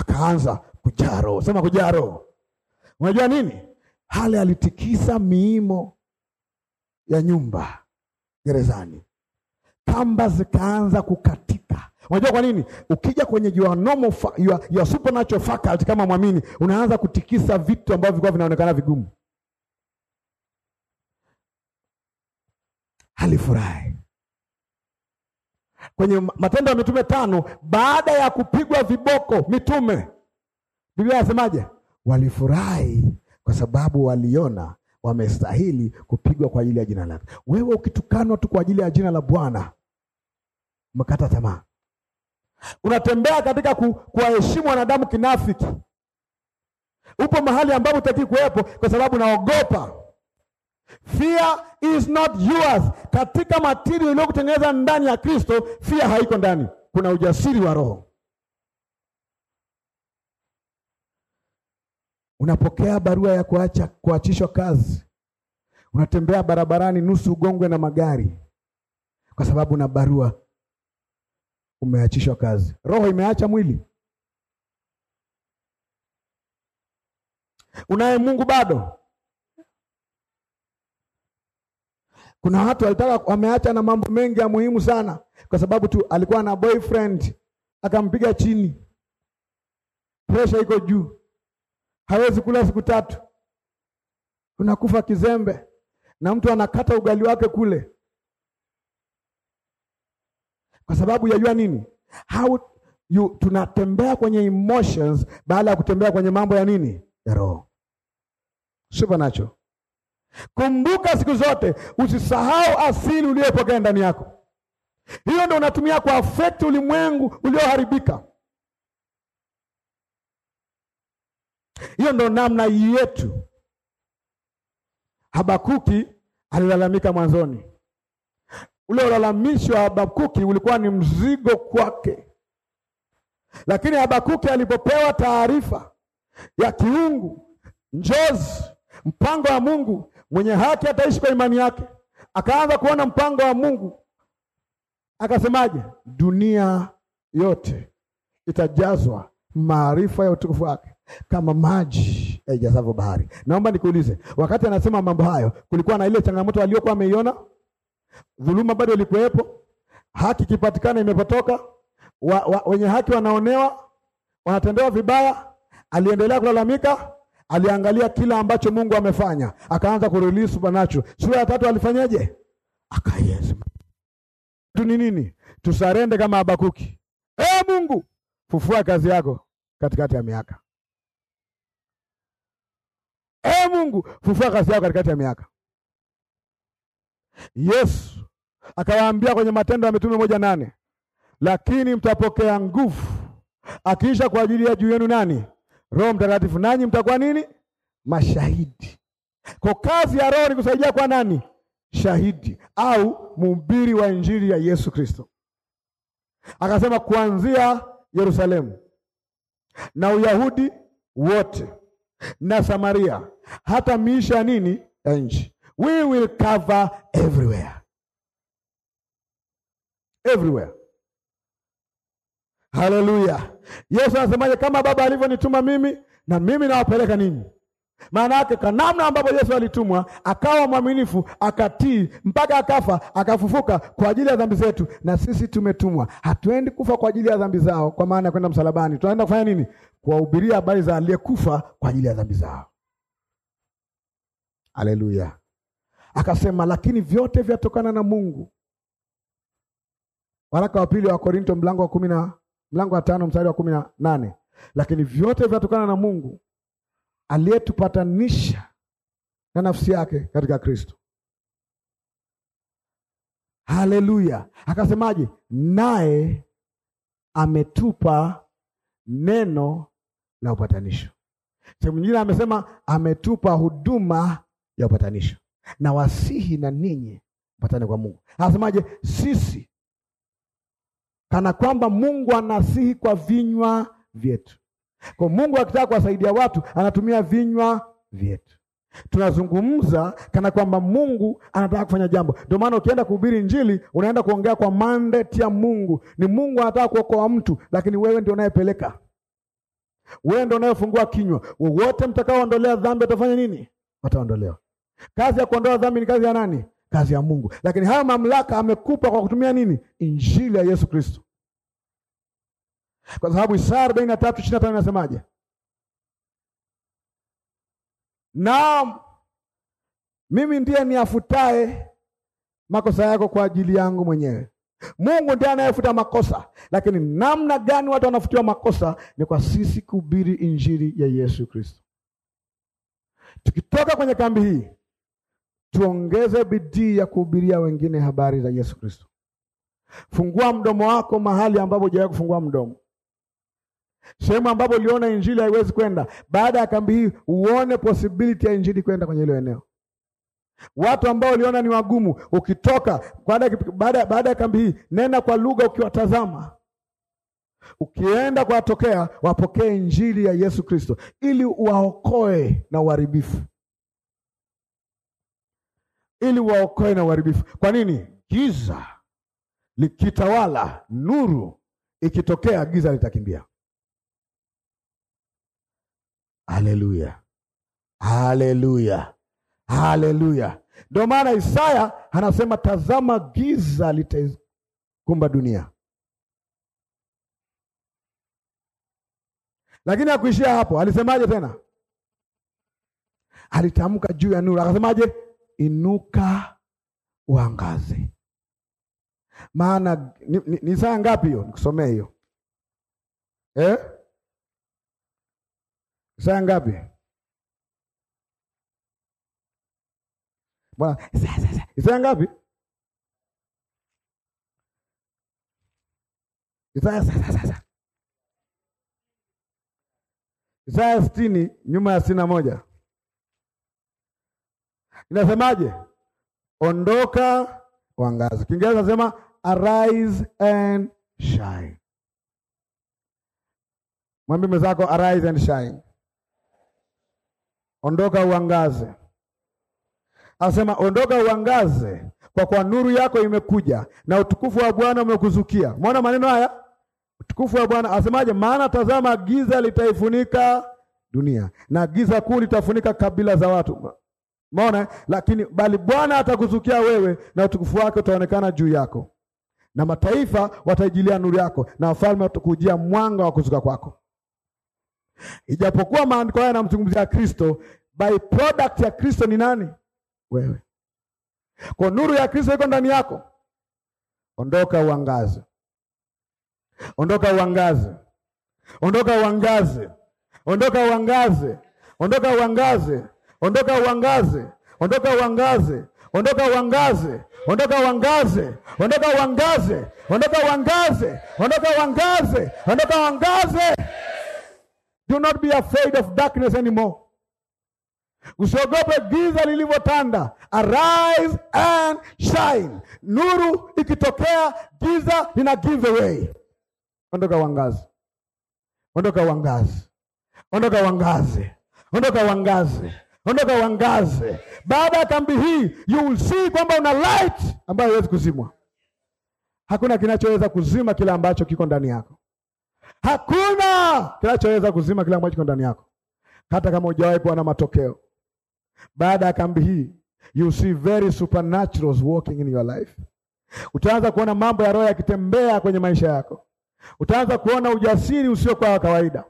[SPEAKER 1] akaanza kujaa roho. Sema kujaa roho. Unajua nini? Hale alitikisa miimo ya nyumba gerezani, kamba zikaanza kukatika. Unajua kwa nini? Ukija kwenye your normal your, your supernatural faculty kama mwamini, unaanza kutikisa vitu ambavyo vilikuwa vinaonekana vigumu. Alifurahi kwenye Matendo ya Mitume tano, baada ya kupigwa viboko mitume, Biblia inasemaje? Walifurahi kwa sababu waliona wamestahili kupigwa kwa ajili ya jina lake. Wewe ukitukanwa tu kwa ajili ya jina la Bwana umekata tamaa, unatembea katika ku, kuwaheshimu wanadamu kinafiki. Upo mahali ambapo utaki kuwepo kwa sababu naogopa Fear is not yours. Katika matirio iliyokutengeneza ndani ya Kristo, fear haiko ndani. Kuna ujasiri wa roho. Unapokea barua ya kuacha kuachishwa kazi, unatembea barabarani nusu ugongwe na magari, kwa sababu na barua umeachishwa kazi. Roho imeacha mwili. Unaye Mungu bado Kuna watu walitaka wameacha na mambo mengi ya muhimu sana, kwa sababu tu alikuwa na boyfriend akampiga chini. Presha iko juu, hawezi kula siku tatu, unakufa kizembe, na mtu anakata ugali wake kule kwa sababu yajua nini? How you, tunatembea kwenye emotions baada ya kutembea kwenye mambo ya nini ya roho supernatural. Kumbuka siku zote, usisahau asili uliyopokea ndani yako. Hiyo ndio unatumia kwa afekti ulimwengu ulioharibika. Hiyo ndio namna yetu. Habakuki alilalamika mwanzoni. Ule ulalamisho wa Habakuki ulikuwa ni mzigo kwake, lakini Habakuki alipopewa taarifa ya kiungu, njozi, mpango wa Mungu Mwenye haki ataishi kwa imani yake. Akaanza kuona mpango wa Mungu, akasemaje? Dunia yote itajazwa maarifa ya utukufu wake kama maji yaijazavyo bahari. Naomba nikuulize, wakati anasema mambo hayo, kulikuwa na ile changamoto aliyokuwa ameiona? Dhuluma bado ilikuwepo, haki ikipatikana imepotoka, wa, wa, wenye haki wanaonewa, wanatendewa vibaya. Aliendelea kulalamika? aliangalia kila ambacho Mungu amefanya, akaanza release supernatural. Sura ya tatu alifanyaje? Akayes tu ni nini? Tusarende kama abakuki Ee Mungu, fufua kazi yako katikati ya miaka. Ee Mungu, fufua kazi yako katikati ya miaka. Yesu akawaambia kwenye Matendo ya Mitume moja nane, lakini mtapokea nguvu akiisha kwa ajili ya juu yenu nani? Roho Mtakatifu, nanyi mtakuwa nini? Mashahidi. Kwa kazi ya Roho ni kusaidia kwa nani? Shahidi au mhubiri wa injili ya Yesu Kristo. Akasema kuanzia Yerusalemu na Uyahudi wote na Samaria hata miisha nini ya nchi. We will cover everywhere everywhere Haleluya! Yesu anasemaje? Kama Baba alivyonituma mimi, na mimi nawapeleka ninyi. Maana yake kwa namna ambapo Yesu alitumwa, akawa mwaminifu, akatii mpaka akafa, akafufuka kwa ajili ya dhambi zetu, na sisi tumetumwa. Hatuendi kufa kwa ajili ya dhambi zao, kwa maana ya kwenda msalabani. Tunaenda kufanya nini? Kuwahubiria habari za aliyekufa kwa ajili ya dhambi zao. Haleluya! Akasema, lakini vyote vyatokana na Mungu. Waraka wa pili wa Korinto mlango wa kumi na mlango wa tano mstari wa kumi na nane lakini vyote vinatokana na Mungu aliyetupatanisha na nafsi yake katika Kristo. Haleluya! Akasemaje? Naye ametupa neno la upatanisho. Sehemu nyingine amesema ametupa huduma ya upatanisho, na wasihi na ninyi mpatane kwa Mungu. Anasemaje? Sisi kana kwamba Mungu anasihi kwa vinywa vyetu. Kwa Mungu akitaka kuwasaidia watu anatumia vinywa vyetu, tunazungumza kana kwamba Mungu anataka kufanya jambo. Ndio maana ukienda kuhubiri Injili unaenda kuongea kwa mandate ya Mungu. Ni Mungu anataka kuokoa mtu, lakini wewe ndio unayepeleka, wewe ndio unayefungua kinywa. Wowote mtakaoondolea dhambi watafanya nini? Wataondolewa. Kazi ya kuondoa dhambi ni kazi ya nani? kazi ya Mungu, lakini haya mamlaka amekupa kwa kutumia nini? Injili ya Yesu Kristo, kwa sababu Isaya arobaini na tatu ishirini na tano inasemaje? Naam, mimi ndiye niafutae makosa yako kwa ajili yangu mwenyewe. Mungu ndiye anayefuta makosa, lakini namna gani watu wanafutiwa makosa? Ni kwa sisi kuhubiri injili ya Yesu Kristo. Tukitoka kwenye kambi hii tuongeze bidii ya kuhubiria wengine habari za Yesu Kristo. Fungua mdomo wako mahali ambapo hujawahi kufungua mdomo, sehemu ambapo uliona injili haiwezi kwenda. Baada ya kambi hii, uone possibility ya injili kwenda kwenye hilo eneo. Watu ambao uliona ni wagumu, ukitoka baada baada ya kambi hii, nena kwa lugha ukiwatazama. Ukienda kuwatokea, wapokee injili ya Yesu Kristo ili uwaokoe na uharibifu ili waokoe na uharibifu. Kwa nini? Giza likitawala, nuru ikitokea, giza litakimbia. Haleluya, haleluya, haleluya! Ndio maana Isaya anasema, tazama giza litaikumba dunia. Lakini hakuishia hapo, alisemaje tena? Alitamka juu ya nuru, akasemaje? inuka uangaze. Maana ni, ni, ni saa ngapi hiyo? Nikusomee hiyo eh? Saa ngapi bwana? Saa ngapi? Isaya sasa, Isaya sitini nyuma ya sitini na moja Inasemaje? Ondoka uangaze. Kiingereza nasema arise and shine. Mwambie mwenzako arise and shine. Ondoka uangaze. Anasema ondoka uangaze kwa kwa nuru yako imekuja na utukufu wa Bwana umekuzukia. Umeona maneno haya? Utukufu wa Bwana asemaje? Maana tazama, giza litaifunika dunia na giza kuu litafunika kabila za watu. Umeona? Lakini bali Bwana atakuzukia wewe na utukufu wake utaonekana juu yako, na mataifa wataijilia nuru yako, na wafalme watakujia mwanga wa kuzuka kwako. Ijapokuwa maandiko haya yanamzungumzia Kristo, by product ya Kristo ni nani? Wewe. Kwa nuru ya Kristo iko ndani yako, ondoka uangaze, ondoka uangaze, ondoka uangaze, ondoka uangaze, ondoka uangaze Ondoka uangaze, ondoka uangaze, ondoka uangaze, ondoka uangaze, ondoka uangaze, ondoka uangaze, ondoka uangaze, ondoka uangaze. Do not be afraid of darkness anymore. Usiogope giza lilivyotanda. Arise and shine. Nuru ikitokea giza lina give away. Ondoka uangaze, ondoka uangaze, ondoka uangaze, ondoka uangaze ondoka uangaze. Baada ya kambi hii, you will see kwamba una light ambayo haiwezi kuzimwa. Hakuna kinachoweza kuzima kile ambacho kiko ndani yako. Hakuna kinachoweza kuzima kile ambacho kiko ndani yako, hata kama hujawahi kuwa na matokeo. Baada ya kambi hii, you see very supernaturals walking in your life. Utaanza kuona mambo ya roho yakitembea kwenye maisha yako. Utaanza kuona ujasiri usiokuwa wa kawaida.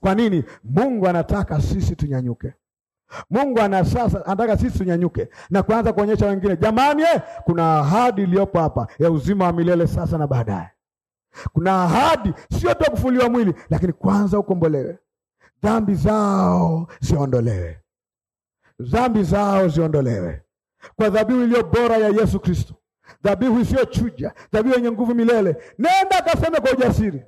[SPEAKER 1] Kwa nini? Mungu anataka sisi tunyanyuke. Mungu anasasa anataka sisi tunyanyuke na kuanza kuonyesha wengine, jamani, eh, kuna ahadi iliyopo hapa ya uzima wa milele sasa na baadaye. Kuna ahadi sio tu kufuliwa mwili, lakini kwanza ukombolewe, dhambi zao ziondolewe, dhambi zao ziondolewe kwa dhabihu iliyo bora ya Yesu Kristo, dhabihu isiyochuja, dhabihu yenye nguvu milele. Nenda kaseme kwa ujasiri,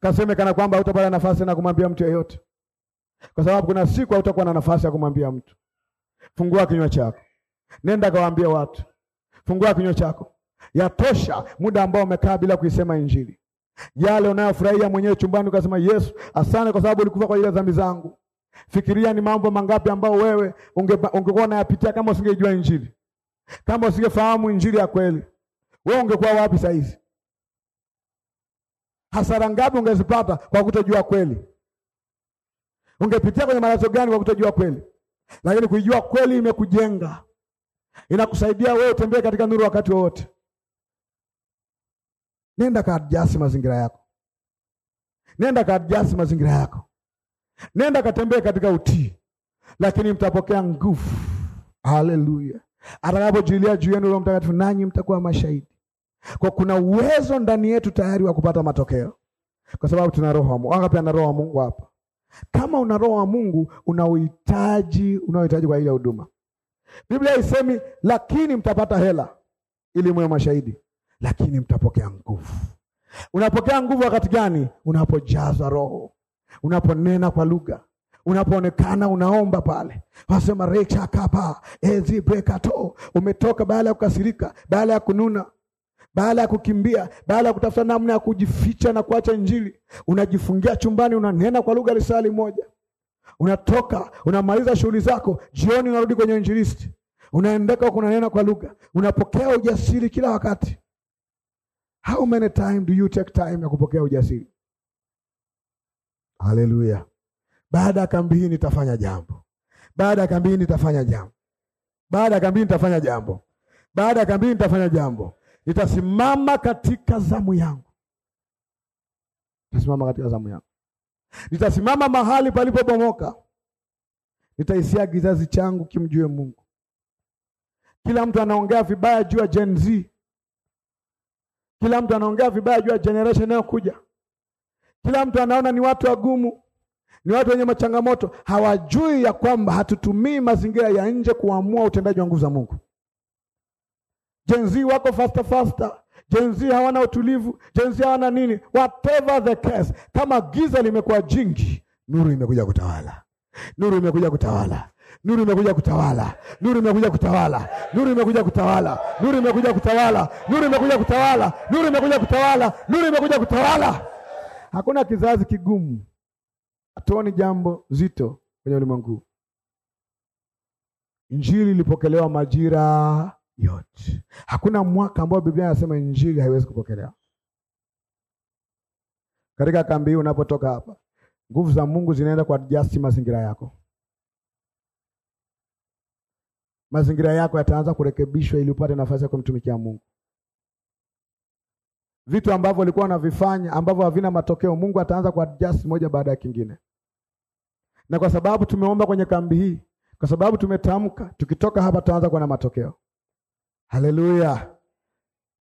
[SPEAKER 1] kaseme kana kwamba hutapata nafasi na kumwambia mtu yeyote kwa sababu kuna siku hautakuwa na nafasi ya kumwambia mtu. Fungua kinywa chako, nenda kawaambia watu. Fungua kinywa chako, yatosha muda ambao umekaa bila kuisema Injili. Yale unayofurahia mwenyewe chumbani, ukasema Yesu, asante kwa sababu ulikufa kwa ajili ya dhambi zangu. Fikiria ni mambo mangapi ambao wewe ungekuwa unayapitia kama usingejua Injili, kama usingefahamu Injili ya kweli. Wewe ungekuwa wapi saizi? Hasara ngapi ungezipata kwa kutojua kweli? Ungepitia kwenye malazo gani kwa kutojua kweli? Lakini kuijua kweli imekujenga, inakusaidia wewe utembee katika nuru wakati wowote. Nenda kaadjasi mazingira yako, nenda kaadjasi mazingira yako, nenda katembee katika utii, lakini mtapokea nguvu. Haleluya! atakapojilia juu yenu Roho Mtakatifu, nanyi mtakuwa mashahidi. Kwa kuna uwezo ndani yetu tayari wa kupata matokeo, kwa sababu tuna roho wa Mungu. Wangapi ana roho wa Mungu hapa? Kama una roho wa Mungu unauhitaji unaohitaji kwa ajili ya huduma. Biblia isemi lakini mtapata hela ili mwe mashahidi, lakini mtapokea nguvu. Unapokea nguvu wakati gani? Unapojaza Roho, unaponena kwa lugha, unapoonekana unaomba pale, wasema rekshakapa ezi Umetoka baada ya kukasirika, baada ya kununa baada ya kukimbia, baada ya kutafuta namna ya kujificha na kuacha Injili, unajifungia chumbani, unanena kwa lugha lisali moja, unatoka, unamaliza shughuli zako, jioni unarudi kwenye injilisti, unaendeka huko, unanena kwa lugha, unapokea ujasiri kila wakati. How many time do you take time ya kupokea ujasiri? Haleluya! Baada ya kambi hii nitafanya jambo, baada ya kambi hii nitafanya jambo, baada ya kambi hii nitafanya jambo, baada ya kambi hii nitafanya jambo Nitasimama katika zamu yangu, nitasimama katika zamu yangu, nitasimama mahali palipobomoka, nitaisia kizazi changu kimjue Mungu. Kila mtu anaongea vibaya juu ya Gen Z, kila mtu anaongea vibaya juu ya generation inayokuja, kila mtu anaona ni watu wagumu, ni watu wenye machangamoto. Hawajui ya kwamba hatutumii mazingira ya nje kuamua utendaji wa nguvu za Mungu. Jenzi wako faster faster, jenzi hawana utulivu, jenzi hawana nini, whatever the case. Kama giza limekuwa jingi, nuru imekuja kutawala, nuru imekuja kutawala Nuru imekuja kutawala, nuru imekuja kutawala, nuru imekuja kutawala, nuru imekuja kutawala, nuru imekuja kutawala, nuru imekuja kutawala, nuru imekuja kutawala. Hakuna kizazi kigumu, hatuoni jambo zito kwenye ulimwengu. Injili ilipokelewa majira yote. Hakuna mwaka ambao Biblia inasema injili haiwezi kupokelewa. Katika kambi hii unapotoka hapa, nguvu za Mungu zinaenda kwa adjust mazingira yako. Mazingira yako yataanza kurekebishwa ili upate nafasi ya kumtumikia Mungu. Vitu ambavyo ulikuwa unavifanya ambavyo havina matokeo, Mungu ataanza kwa adjust moja baada ya kingine. Na kwa sababu tumeomba kwenye kambi hii, kwa sababu tumetamka, tukitoka hapa tutaanza kuwa na matokeo. Haleluya!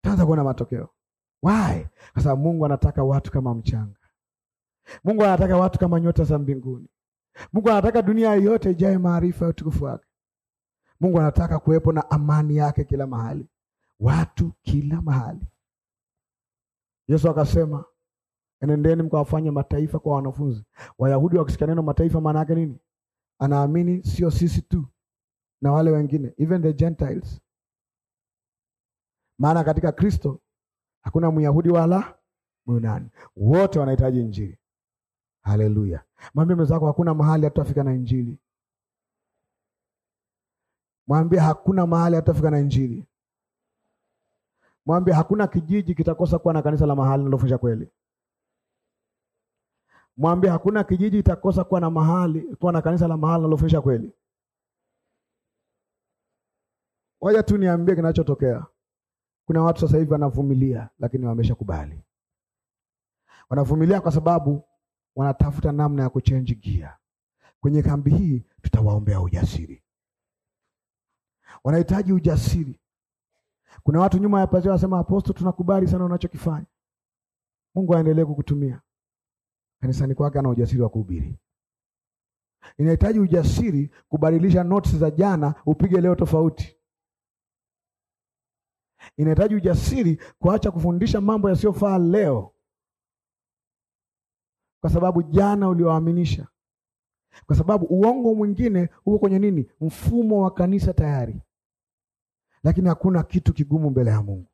[SPEAKER 1] tanza kuona matokeo. Why? Kwa sababu Mungu anataka watu kama mchanga. Mungu anataka watu kama nyota za mbinguni. Mungu anataka dunia yote ijae maarifa ya utukufu wake. Mungu anataka kuwepo na amani yake kila mahali, watu kila mahali. Yesu akasema, enendeni mkawafanye mataifa kwa wanafunzi. Wayahudi wakisikia neno mataifa, maana yake nini? Anaamini sio sisi tu na wale wengine, even the Gentiles maana katika Kristo hakuna Myahudi wala Myunani, wote wanahitaji Injili. Haleluya! Mwambie mwenzako hakuna mahali hatutafika na Injili. Mwambie hakuna mahali hatutafika na Injili. Mwambie hakuna kijiji kitakosa kuwa na kanisa la mahali linalofunza kweli. Mwambie hakuna kijiji kitakosa kuwa na mahali kuwa na kanisa la mahali linalofunza kweli. Waja tu niambie kinachotokea. Kuna watu sasa hivi wanavumilia, lakini wameshakubali. Wanavumilia kwa sababu wanatafuta namna ya kuchange gia. Kwenye kambi hii tutawaombea ujasiri, wanahitaji ujasiri. Kuna watu nyuma ya pazia wasema, Apostle, tunakubali sana unachokifanya. Mungu aendelee kukutumia kanisani kwake, ana ujasiri wa kuhubiri. Inahitaji ujasiri kubadilisha notes za jana, upige leo tofauti inahitaji ujasiri kuacha kufundisha mambo yasiyofaa leo, kwa sababu jana ulioaminisha, kwa sababu uongo mwingine huko kwenye nini, mfumo wa kanisa tayari. Lakini hakuna kitu kigumu mbele ya Mungu.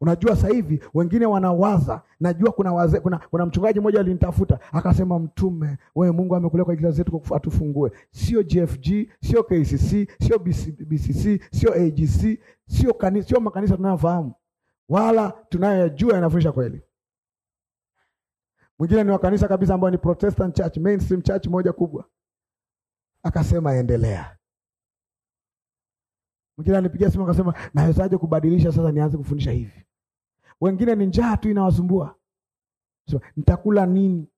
[SPEAKER 1] Unajua sasa hivi wengine wanawaza, najua kuna waze, kuna, kuna mchungaji mmoja alinitafuta akasema, mtume wewe, Mungu amekuletea kwa zetu atufungue. Sio GFG, sio KCC, sio BCC, sio AGC, sio kanisa, sio makanisa tunayofahamu wala tunayoyajua yanafundisha kweli. Mwingine ni wakanisa kabisa ambayo ni Protestant church, mainstream church moja kubwa, akasema endelea Mwingine alipigia simu akasema, nawezaje kubadilisha sasa, nianze kufundisha hivi? Wengine ni njaa tu inawasumbua, so, nitakula nini?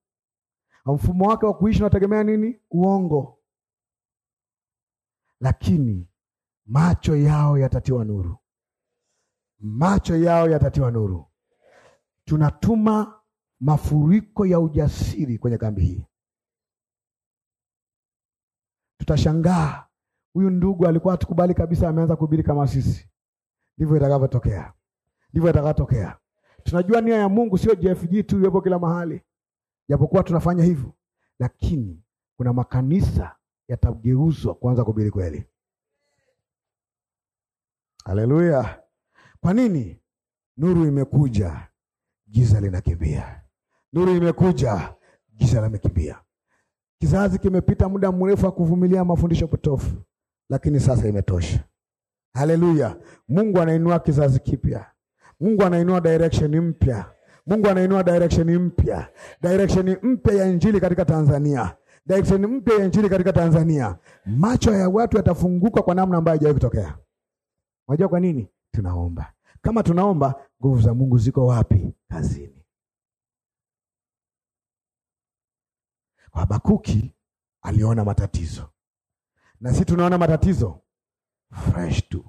[SPEAKER 1] Mfumo wake wa kuishi unategemea nini? Uongo. Lakini macho yao yatatiwa nuru, macho yao yatatiwa nuru. Tunatuma mafuriko ya ujasiri kwenye kambi hii, tutashangaa huyu ndugu alikuwa atukubali kabisa, ameanza kuhubiri kama sisi. Ndivyo itakavyotokea, ndivyo itakavyotokea. Tunajua nia ya Mungu sio JFG tu iwepo kila mahali, japokuwa tunafanya hivyo, lakini kuna makanisa yatageuzwa kuanza kuhubiri kweli. Haleluya! Kwa nini? Nuru imekuja, giza linakimbia. Nuru imekuja, giza limekimbia. Kizazi kimepita muda mrefu wa kuvumilia mafundisho potofu lakini sasa imetosha. Haleluya! Mungu anainua kizazi kipya. Mungu anainua direction mpya. Mungu anainua direction mpya, direction mpya ya injili katika Tanzania, direction mpya ya injili katika Tanzania. Macho ya watu yatafunguka kwa namna ambayo haijawahi kutokea. Unajua kwa nini? Tunaomba. Kama tunaomba, nguvu za Mungu ziko wapi? Kazini. Habakuki aliona matatizo, na sisi tunaona matatizo fresh tu,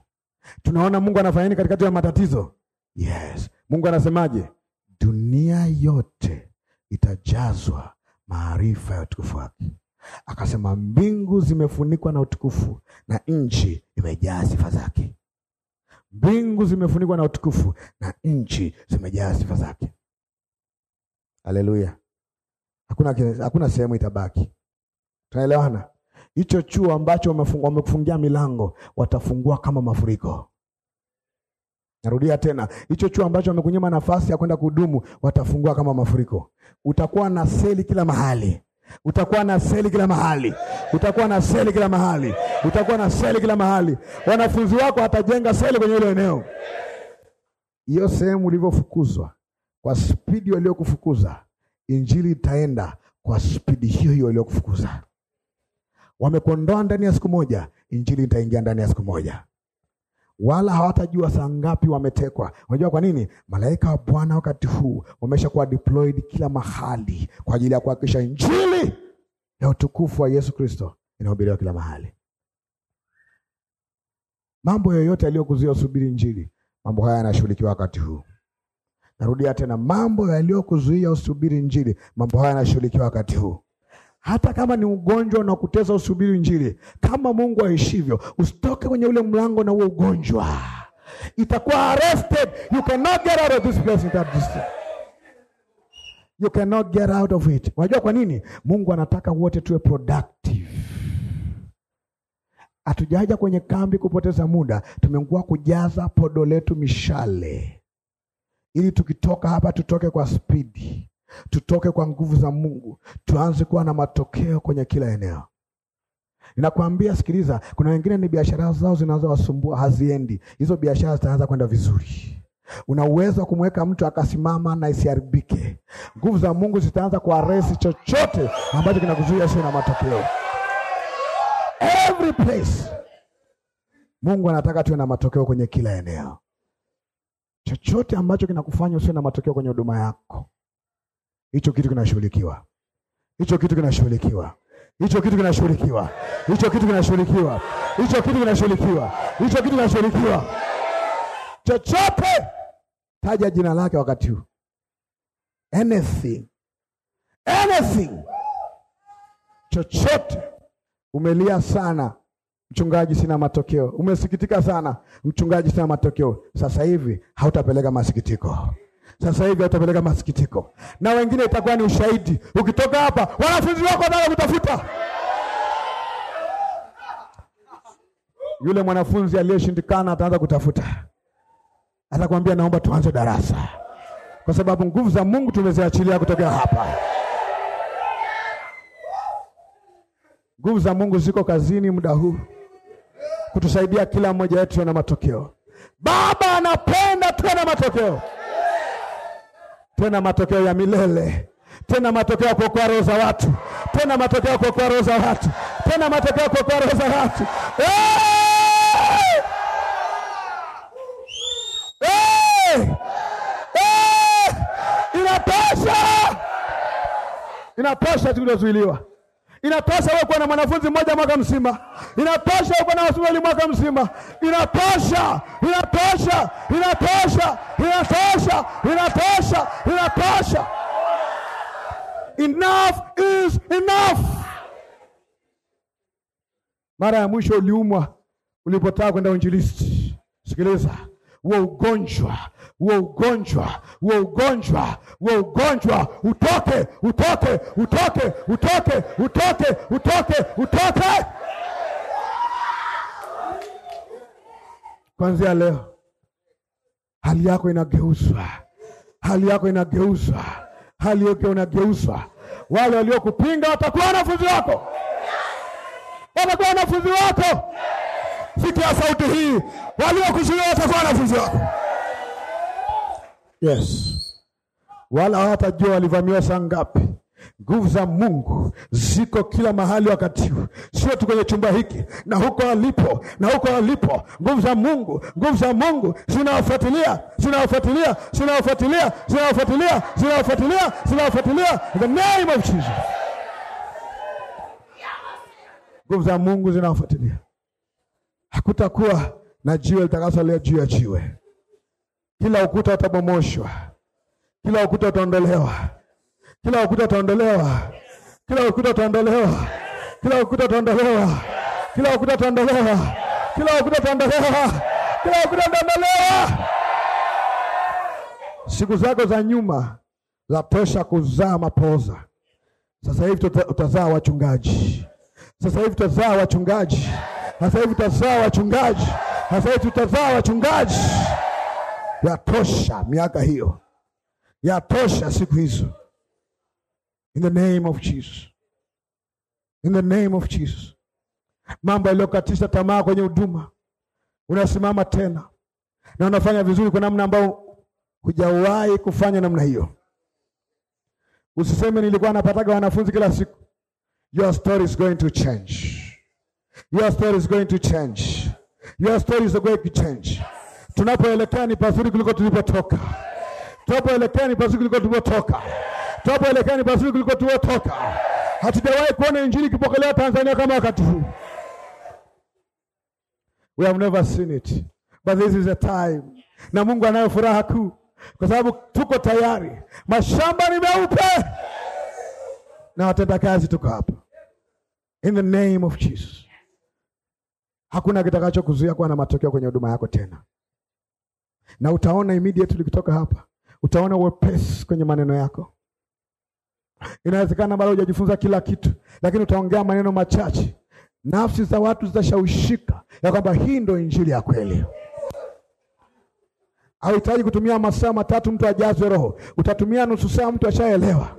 [SPEAKER 1] tunaona Mungu anafanya nini katikati ya matatizo. Yes, Mungu anasemaje? Dunia yote itajazwa maarifa ya utukufu wake. Akasema mbingu zimefunikwa na utukufu na nchi imejaa sifa zake. Mbingu zimefunikwa na utukufu na nchi zimejaa sifa zake. Haleluya! Hakuna, hakuna sehemu itabaki. Tunaelewana? hicho chuo ambacho wamekufungia milango watafungua kama mafuriko. Narudia tena, hicho chuo ambacho wamekunyima nafasi ya kwenda kudumu watafungua kama mafuriko. Utakuwa na seli kila mahali, utakuwa na seli kila mahali, utakuwa na seli kila mahali, utakuwa na seli kila mahali. Wanafunzi wako watajenga seli kwenye ile eneo. Hiyo sehemu ulivyofukuzwa kwa spidi waliokufukuza, injili itaenda kwa spidi hiyo hiyo waliokufukuza. Wamekondoa ndani ya siku moja, injili itaingia ndani ya siku moja, wala hawatajua saa ngapi wametekwa. Unajua kwa nini? Malaika wa Bwana wakati huu wameshakuwa deployed kila mahali kwa ajili ya kuhakikisha injili ya utukufu wa Yesu Kristo inahubiriwa kila mahali. Mambo yoyote yaliyokuzuia usubiri injili, mambo haya yanashughulikiwa wakati huu. Narudia tena, mambo yaliyokuzuia usubiri injili, mambo haya yanashughulikiwa wakati huu hata kama ni ugonjwa na kuteza usubiri Injili kama Mungu aishivyo. Usitoke kwenye ule mlango na huo ugonjwa, itakuwa arrested. You cannot get out of this place without this. You cannot get out of it. Unajua kwa nini? Mungu anataka wote tuwe productive. Hatujaja kwenye kambi kupoteza muda, tumekuwa kujaza podo letu mishale, ili tukitoka hapa tutoke kwa spidi tutoke kwa nguvu za Mungu, tuanze kuwa na matokeo kwenye kila eneo. Ninakwambia, sikiliza, kuna wengine ni biashara zao zinazowasumbua haziendi, hizo biashara zitaanza kwenda vizuri. Una uwezo wa kumweka mtu akasimama na isiharibike. Nguvu za Mungu zitaanza kuaresi chochote ambacho kinakuzuia sio na matokeo. Every place Mungu anataka tuwe na matokeo kwenye kila eneo. Chochote ambacho kinakufanya usiwe na matokeo kwenye huduma yako, Hicho kitu kinashughulikiwa, hicho kitu kinashughulikiwa, hicho kitu kinashughulikiwa, hicho kitu kinashughulikiwa, hicho kitu kinashughulikiwa, hicho kitu kinashughulikiwa. Chochote, taja jina lake wakati huu. Anything, anything, chochote. Umelia sana mchungaji, sina matokeo. Umesikitika sana mchungaji, sina matokeo. Sasa hivi hautapeleka masikitiko sasa hivi utapeleka masikitiko, na wengine itakuwa ni ushahidi. Ukitoka hapa, wanafunzi wako wanataka kutafuta yule mwanafunzi aliyeshindikana, ataanza kutafuta, atakwambia naomba tuanze darasa, kwa sababu nguvu za Mungu tumeziachilia kutokea hapa. Nguvu za Mungu ziko kazini muda huu kutusaidia kila mmoja wetu na matokeo. Baba anapenda tuwe na matokeo tena matokeo ya milele tena matokeo ya kuokoa roho za watu tena matokeo ya kuokoa roho za watu tena matokeo ya kuokoa roho za watu inaposha inaposha tulizozuiliwa Inapasha wewe kuwa na mwanafunzi mmoja mwaka mzima, inapasha wewe kuwa na wanafunzi mwaka mzima, inapasha, inapasha, inapasha, inapasha, inapasha, inapasha. Enough is enough. Mara ya mwisho uliumwa ulipotaka kwenda uinjilisti, sikiliza, huo ugonjwa huo ugonjwa, huo ugonjwa, huo ugonjwa utoke, utoke, utoke, utoke, utoke, utoke, utoke kuanzia leo. Hali yako inageuzwa, hali yako inageuzwa, hali yako inageuzwa. Wale waliokupinga watakuwa wanafunzi wako, watakuwa wanafunzi wako. Sikia sauti hii, waliokuzuia watakuwa wanafunzi wako. Yes, wala hawatajua walivamiwa saa ngapi. Nguvu za Mungu ziko kila mahali wakati huu, sio tu kwenye chumba hiki na huko alipo na huko alipo Nguvu za Mungu, nguvu za Mungu zinawafuatilia, zinawafuatilia, zinawafuatilia, zinawafuatilia, zinawafuatilia, zinawafuatilia the name of Jesus. Nguvu za Mungu zinawafuatilia. Hakutakuwa na jiwe litakasalia juu ya jiwe. Kila ukuta utabomoshwa, kila ukuta utaondolewa, kila ukuta utaondolewa, kila ukuta utaondolewa, kila ukuta utaondolewa, kila ukuta utaondolewa, kila ukuta utaondolewa, kila ukuta utaondolewa. Siku zako za nyuma za presha kuzaa mapoza, sasa hivi tota, utazaa wachungaji. Sasa hivi utazaa wachungaji. Sasa hivi utazaa wachungaji. Sasa hivi utazaa wachungaji. Yatosha miaka hiyo, yatosha siku hizo. In the name of Jesus, in the name of Jesus. Mambo yaliyokatisha tamaa kwenye huduma, unasimama tena na unafanya vizuri kwa namna ambayo hujawahi kufanya namna hiyo. Usiseme nilikuwa napataga wanafunzi kila siku. Your story is going to change. Your story is going to change. Your story is going to change. Tunapoelekea ni pazuri kuliko tulipotoka. Tunapoelekea ni pazuri kuliko tulipotoka. Tunapoelekea ni pazuri kuliko tulipotoka. Hatujawahi kuona injili ikipokelewa Tanzania kama wakati huu. We have never seen it. But this is a time. Na Mungu anayo furaha kuu kwa sababu tuko tayari. Mashamba ni meupe na watenda kazi tuko hapa. In the name of Jesus. Hakuna kitakachokuzuia kuwa na matokeo kwenye huduma yako tena na utaona immediately ukitoka hapa, utaona wepesi kwenye maneno yako. Inawezekana bado hujajifunza kila kitu, lakini utaongea maneno machache, nafsi za watu zitashawishika ya kwamba hii ndio injili ya kweli. Hauhitaji kutumia masaa matatu mtu ajazwe Roho, utatumia nusu saa, mtu ashaelewa.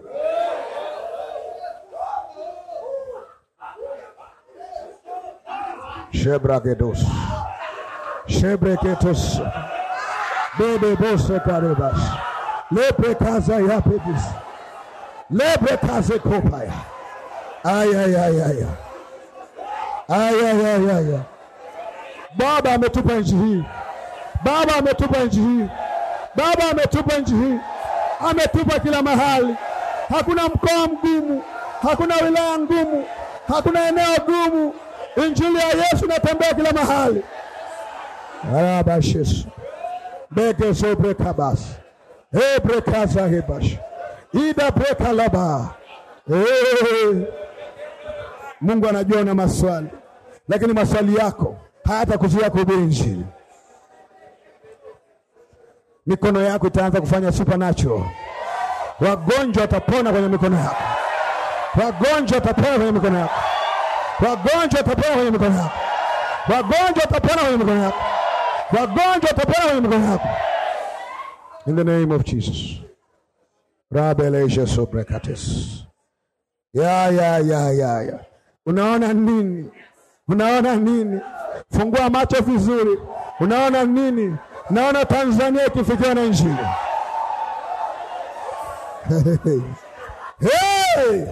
[SPEAKER 1] Shebragedos, shebreketos bebe bose parebas lepe kaza yapedis lepe kaze kopaya ay, ay, Baba ametupa nchi hii, Baba ametupa nchi hii, Baba ametupa nchi hii, ametupa kila mahali. Hakuna mkoa mgumu, hakuna wilaya ngumu, hakuna eneo gumu. Injili ya Yesu inatembea kila mahali. arabashesu so Bege sobre kabas. Ebre kaza bas. Ida breka laba. Eh. Mungu anajua na maswali, lakini maswali yako hayatakuzuia kuhubiri Injili. Mikono yako itaanza kufanya supernatural. Wagonjwa watapona kwenye mikono yako. Wagonjwa watapona kwenye mikono yako. Wagonjwa watapona kwenye mikono yako. Wagonjwa watapona kwenye mikono yako. Wagonjwa watapona kwenye mikono yako. In the name of Jesus. Rabelesha sobrekates. Ya ya ya ya ya. Unaona nini? Unaona nini? Fungua macho vizuri. Unaona nini? Naona Tanzania ikifikiwa na Injili. Hey.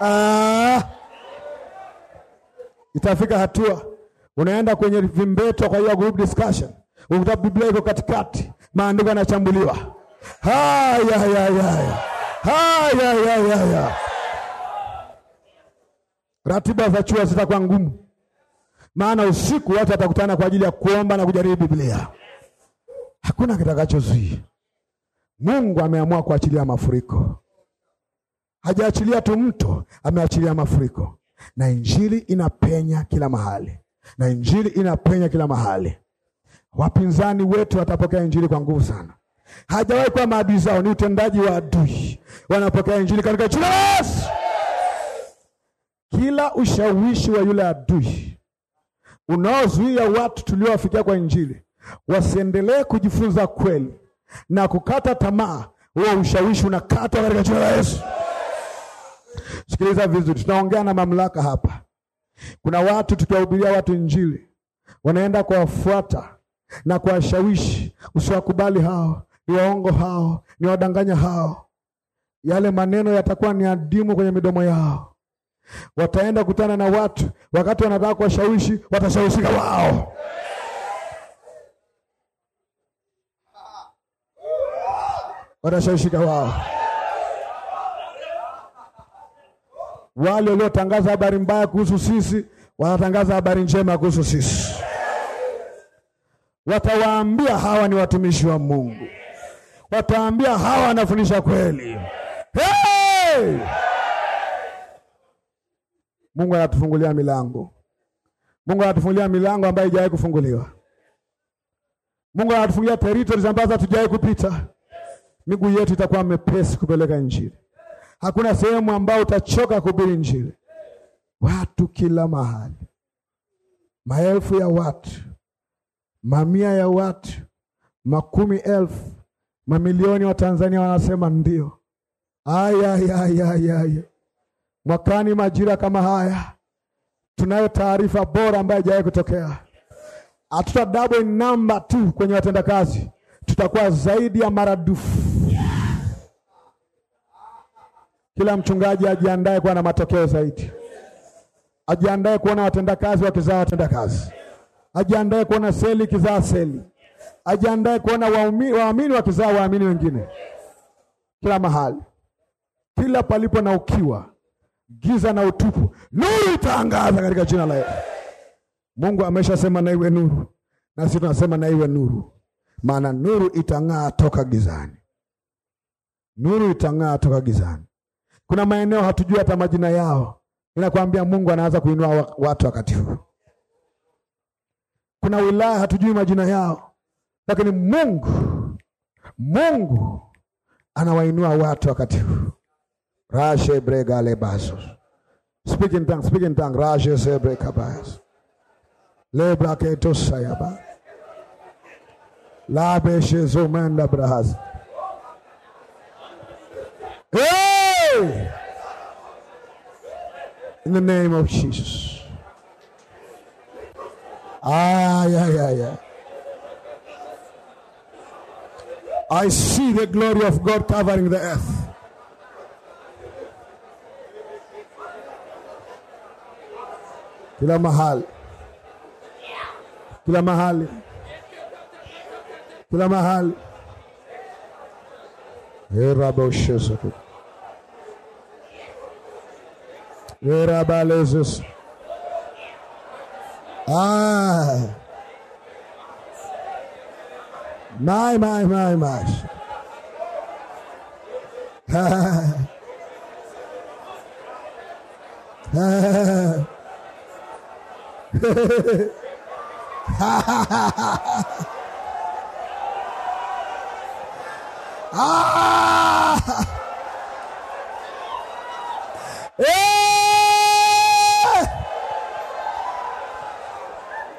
[SPEAKER 1] Ah. Itafika hatua unaenda kwenye vimbeto kwa hiyo group discussion, ukuta Biblia iko katikati, maandiko yanachambuliwa. Haya, haya, haya, haya, haya, haya. Ratiba za chuo zitakuwa ngumu, maana usiku watu watakutana kwa ajili ya kuomba na kujaribu Biblia. Hakuna kitakachozuia. Mungu ameamua kuachilia mafuriko, hajaachilia tu mto, ameachilia mafuriko, na injili inapenya kila mahali na injili inapenya kila mahali. Wapinzani wetu watapokea injili kwa nguvu sana. Hajawahi kuwa maadui zao, ni utendaji wa adui. Wanapokea injili katika jina la Yesu. Kila ushawishi wa yule adui unaozuia watu tuliowafikia kwa injili wasiendelee kujifunza kweli na kukata tamaa, huo ushawishi unakatwa katika jina la Yesu. Sikiliza vizuri, tunaongea na mamlaka hapa. Kuna watu tukiwahubiria watu Injili wanaenda kuwafuata na kuwashawishi, usiwakubali hao, ni waongo hao, ni wadanganya hao. Yale maneno yatakuwa ni adimu kwenye midomo yao. Wataenda kutana na watu, wakati wanataka kuwashawishi, watashawishika wao. Watashawishika wao. Wale waliotangaza habari mbaya kuhusu sisi wanatangaza habari njema kuhusu sisi. Watawaambia hawa ni watumishi wa Mungu, watawaambia hawa wanafundisha kweli. Hey! Mungu anatufungulia milango. Mungu anatufungulia milango ambayo haijawahi kufunguliwa. Mungu anatufungulia territories ambazo hatujawahi kupita. Miguu yetu itakuwa mepesi kupeleka Injili. Hakuna sehemu ambayo utachoka kuhubiri Injili. Watu kila mahali, maelfu ya watu, mamia ya watu, makumi elfu, mamilioni wa Tanzania wanasema ndio. Aya, Mwakani majira kama haya tunayo taarifa bora ambayo haijawahi kutokea. Hatuta double namba tu kwenye watendakazi, tutakuwa zaidi ya maradufu. Kila mchungaji ajiandae kuwa na matokeo zaidi, ajiandae kuona watendakazi wakizaa watendakazi, ajiandae kuona seli kizaa seli, ajiandae kuona waamini wakizaa waamini wengine. Kila mahali, kila palipo na ukiwa, giza na utupu, nuru itaangaza katika jina la Yesu. Mungu ameshasema na iwe nuru, nasi tunasema na iwe nuru, maana nuru itang'aa toka gizani, nuru itang'aa toka gizani. Kuna maeneo hatujui hata majina yao, inakwambia Mungu anaanza kuinua watu wakati huu. Kuna wilaya hatujui majina yao, lakini Mungu Mungu anawainua watu wakati huu. rashe brega lebazo speak in tongue speaking tongue rashe sebre kabas lebra keto sayaba labeshe zomenda brahas hey! go. In the name of Jesus. Ah, yeah, yeah, yeah. I see the glory of God covering the earth. Kila mahali. Kila mahali. Kila mahali. Hey, Rabbi Verabaleses. Ah. Mais, mais, mais, mais. Ah. Ah. ah! ah!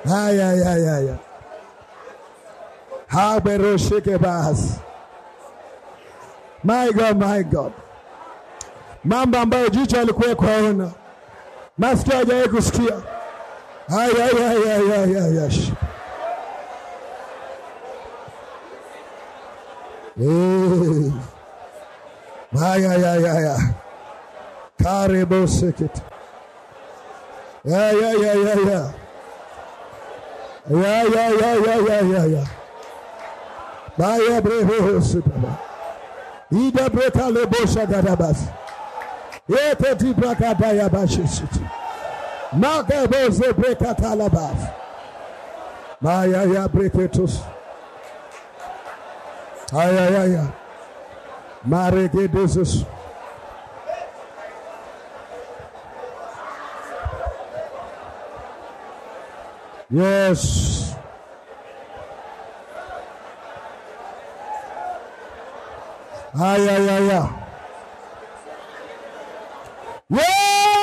[SPEAKER 1] haya haya haya My God, my God, mambo ambayo jicho alikuwa kwaona, masikio hajawahi kusikia. haya haya haya haya Hey. Ayayayaya karebosekete ayayayaya Yeah, yeah, yeah, yeah, yeah, yeah, yeah. Baya breho sipaba. Ida breka lebosha gadabas. Yete ti braka baya bashishiti. Maka boze breka talabas. Baya ya breketus. Ay ya ya. Marege desus. Yes. Ay, ay, ay, ay. Yeah!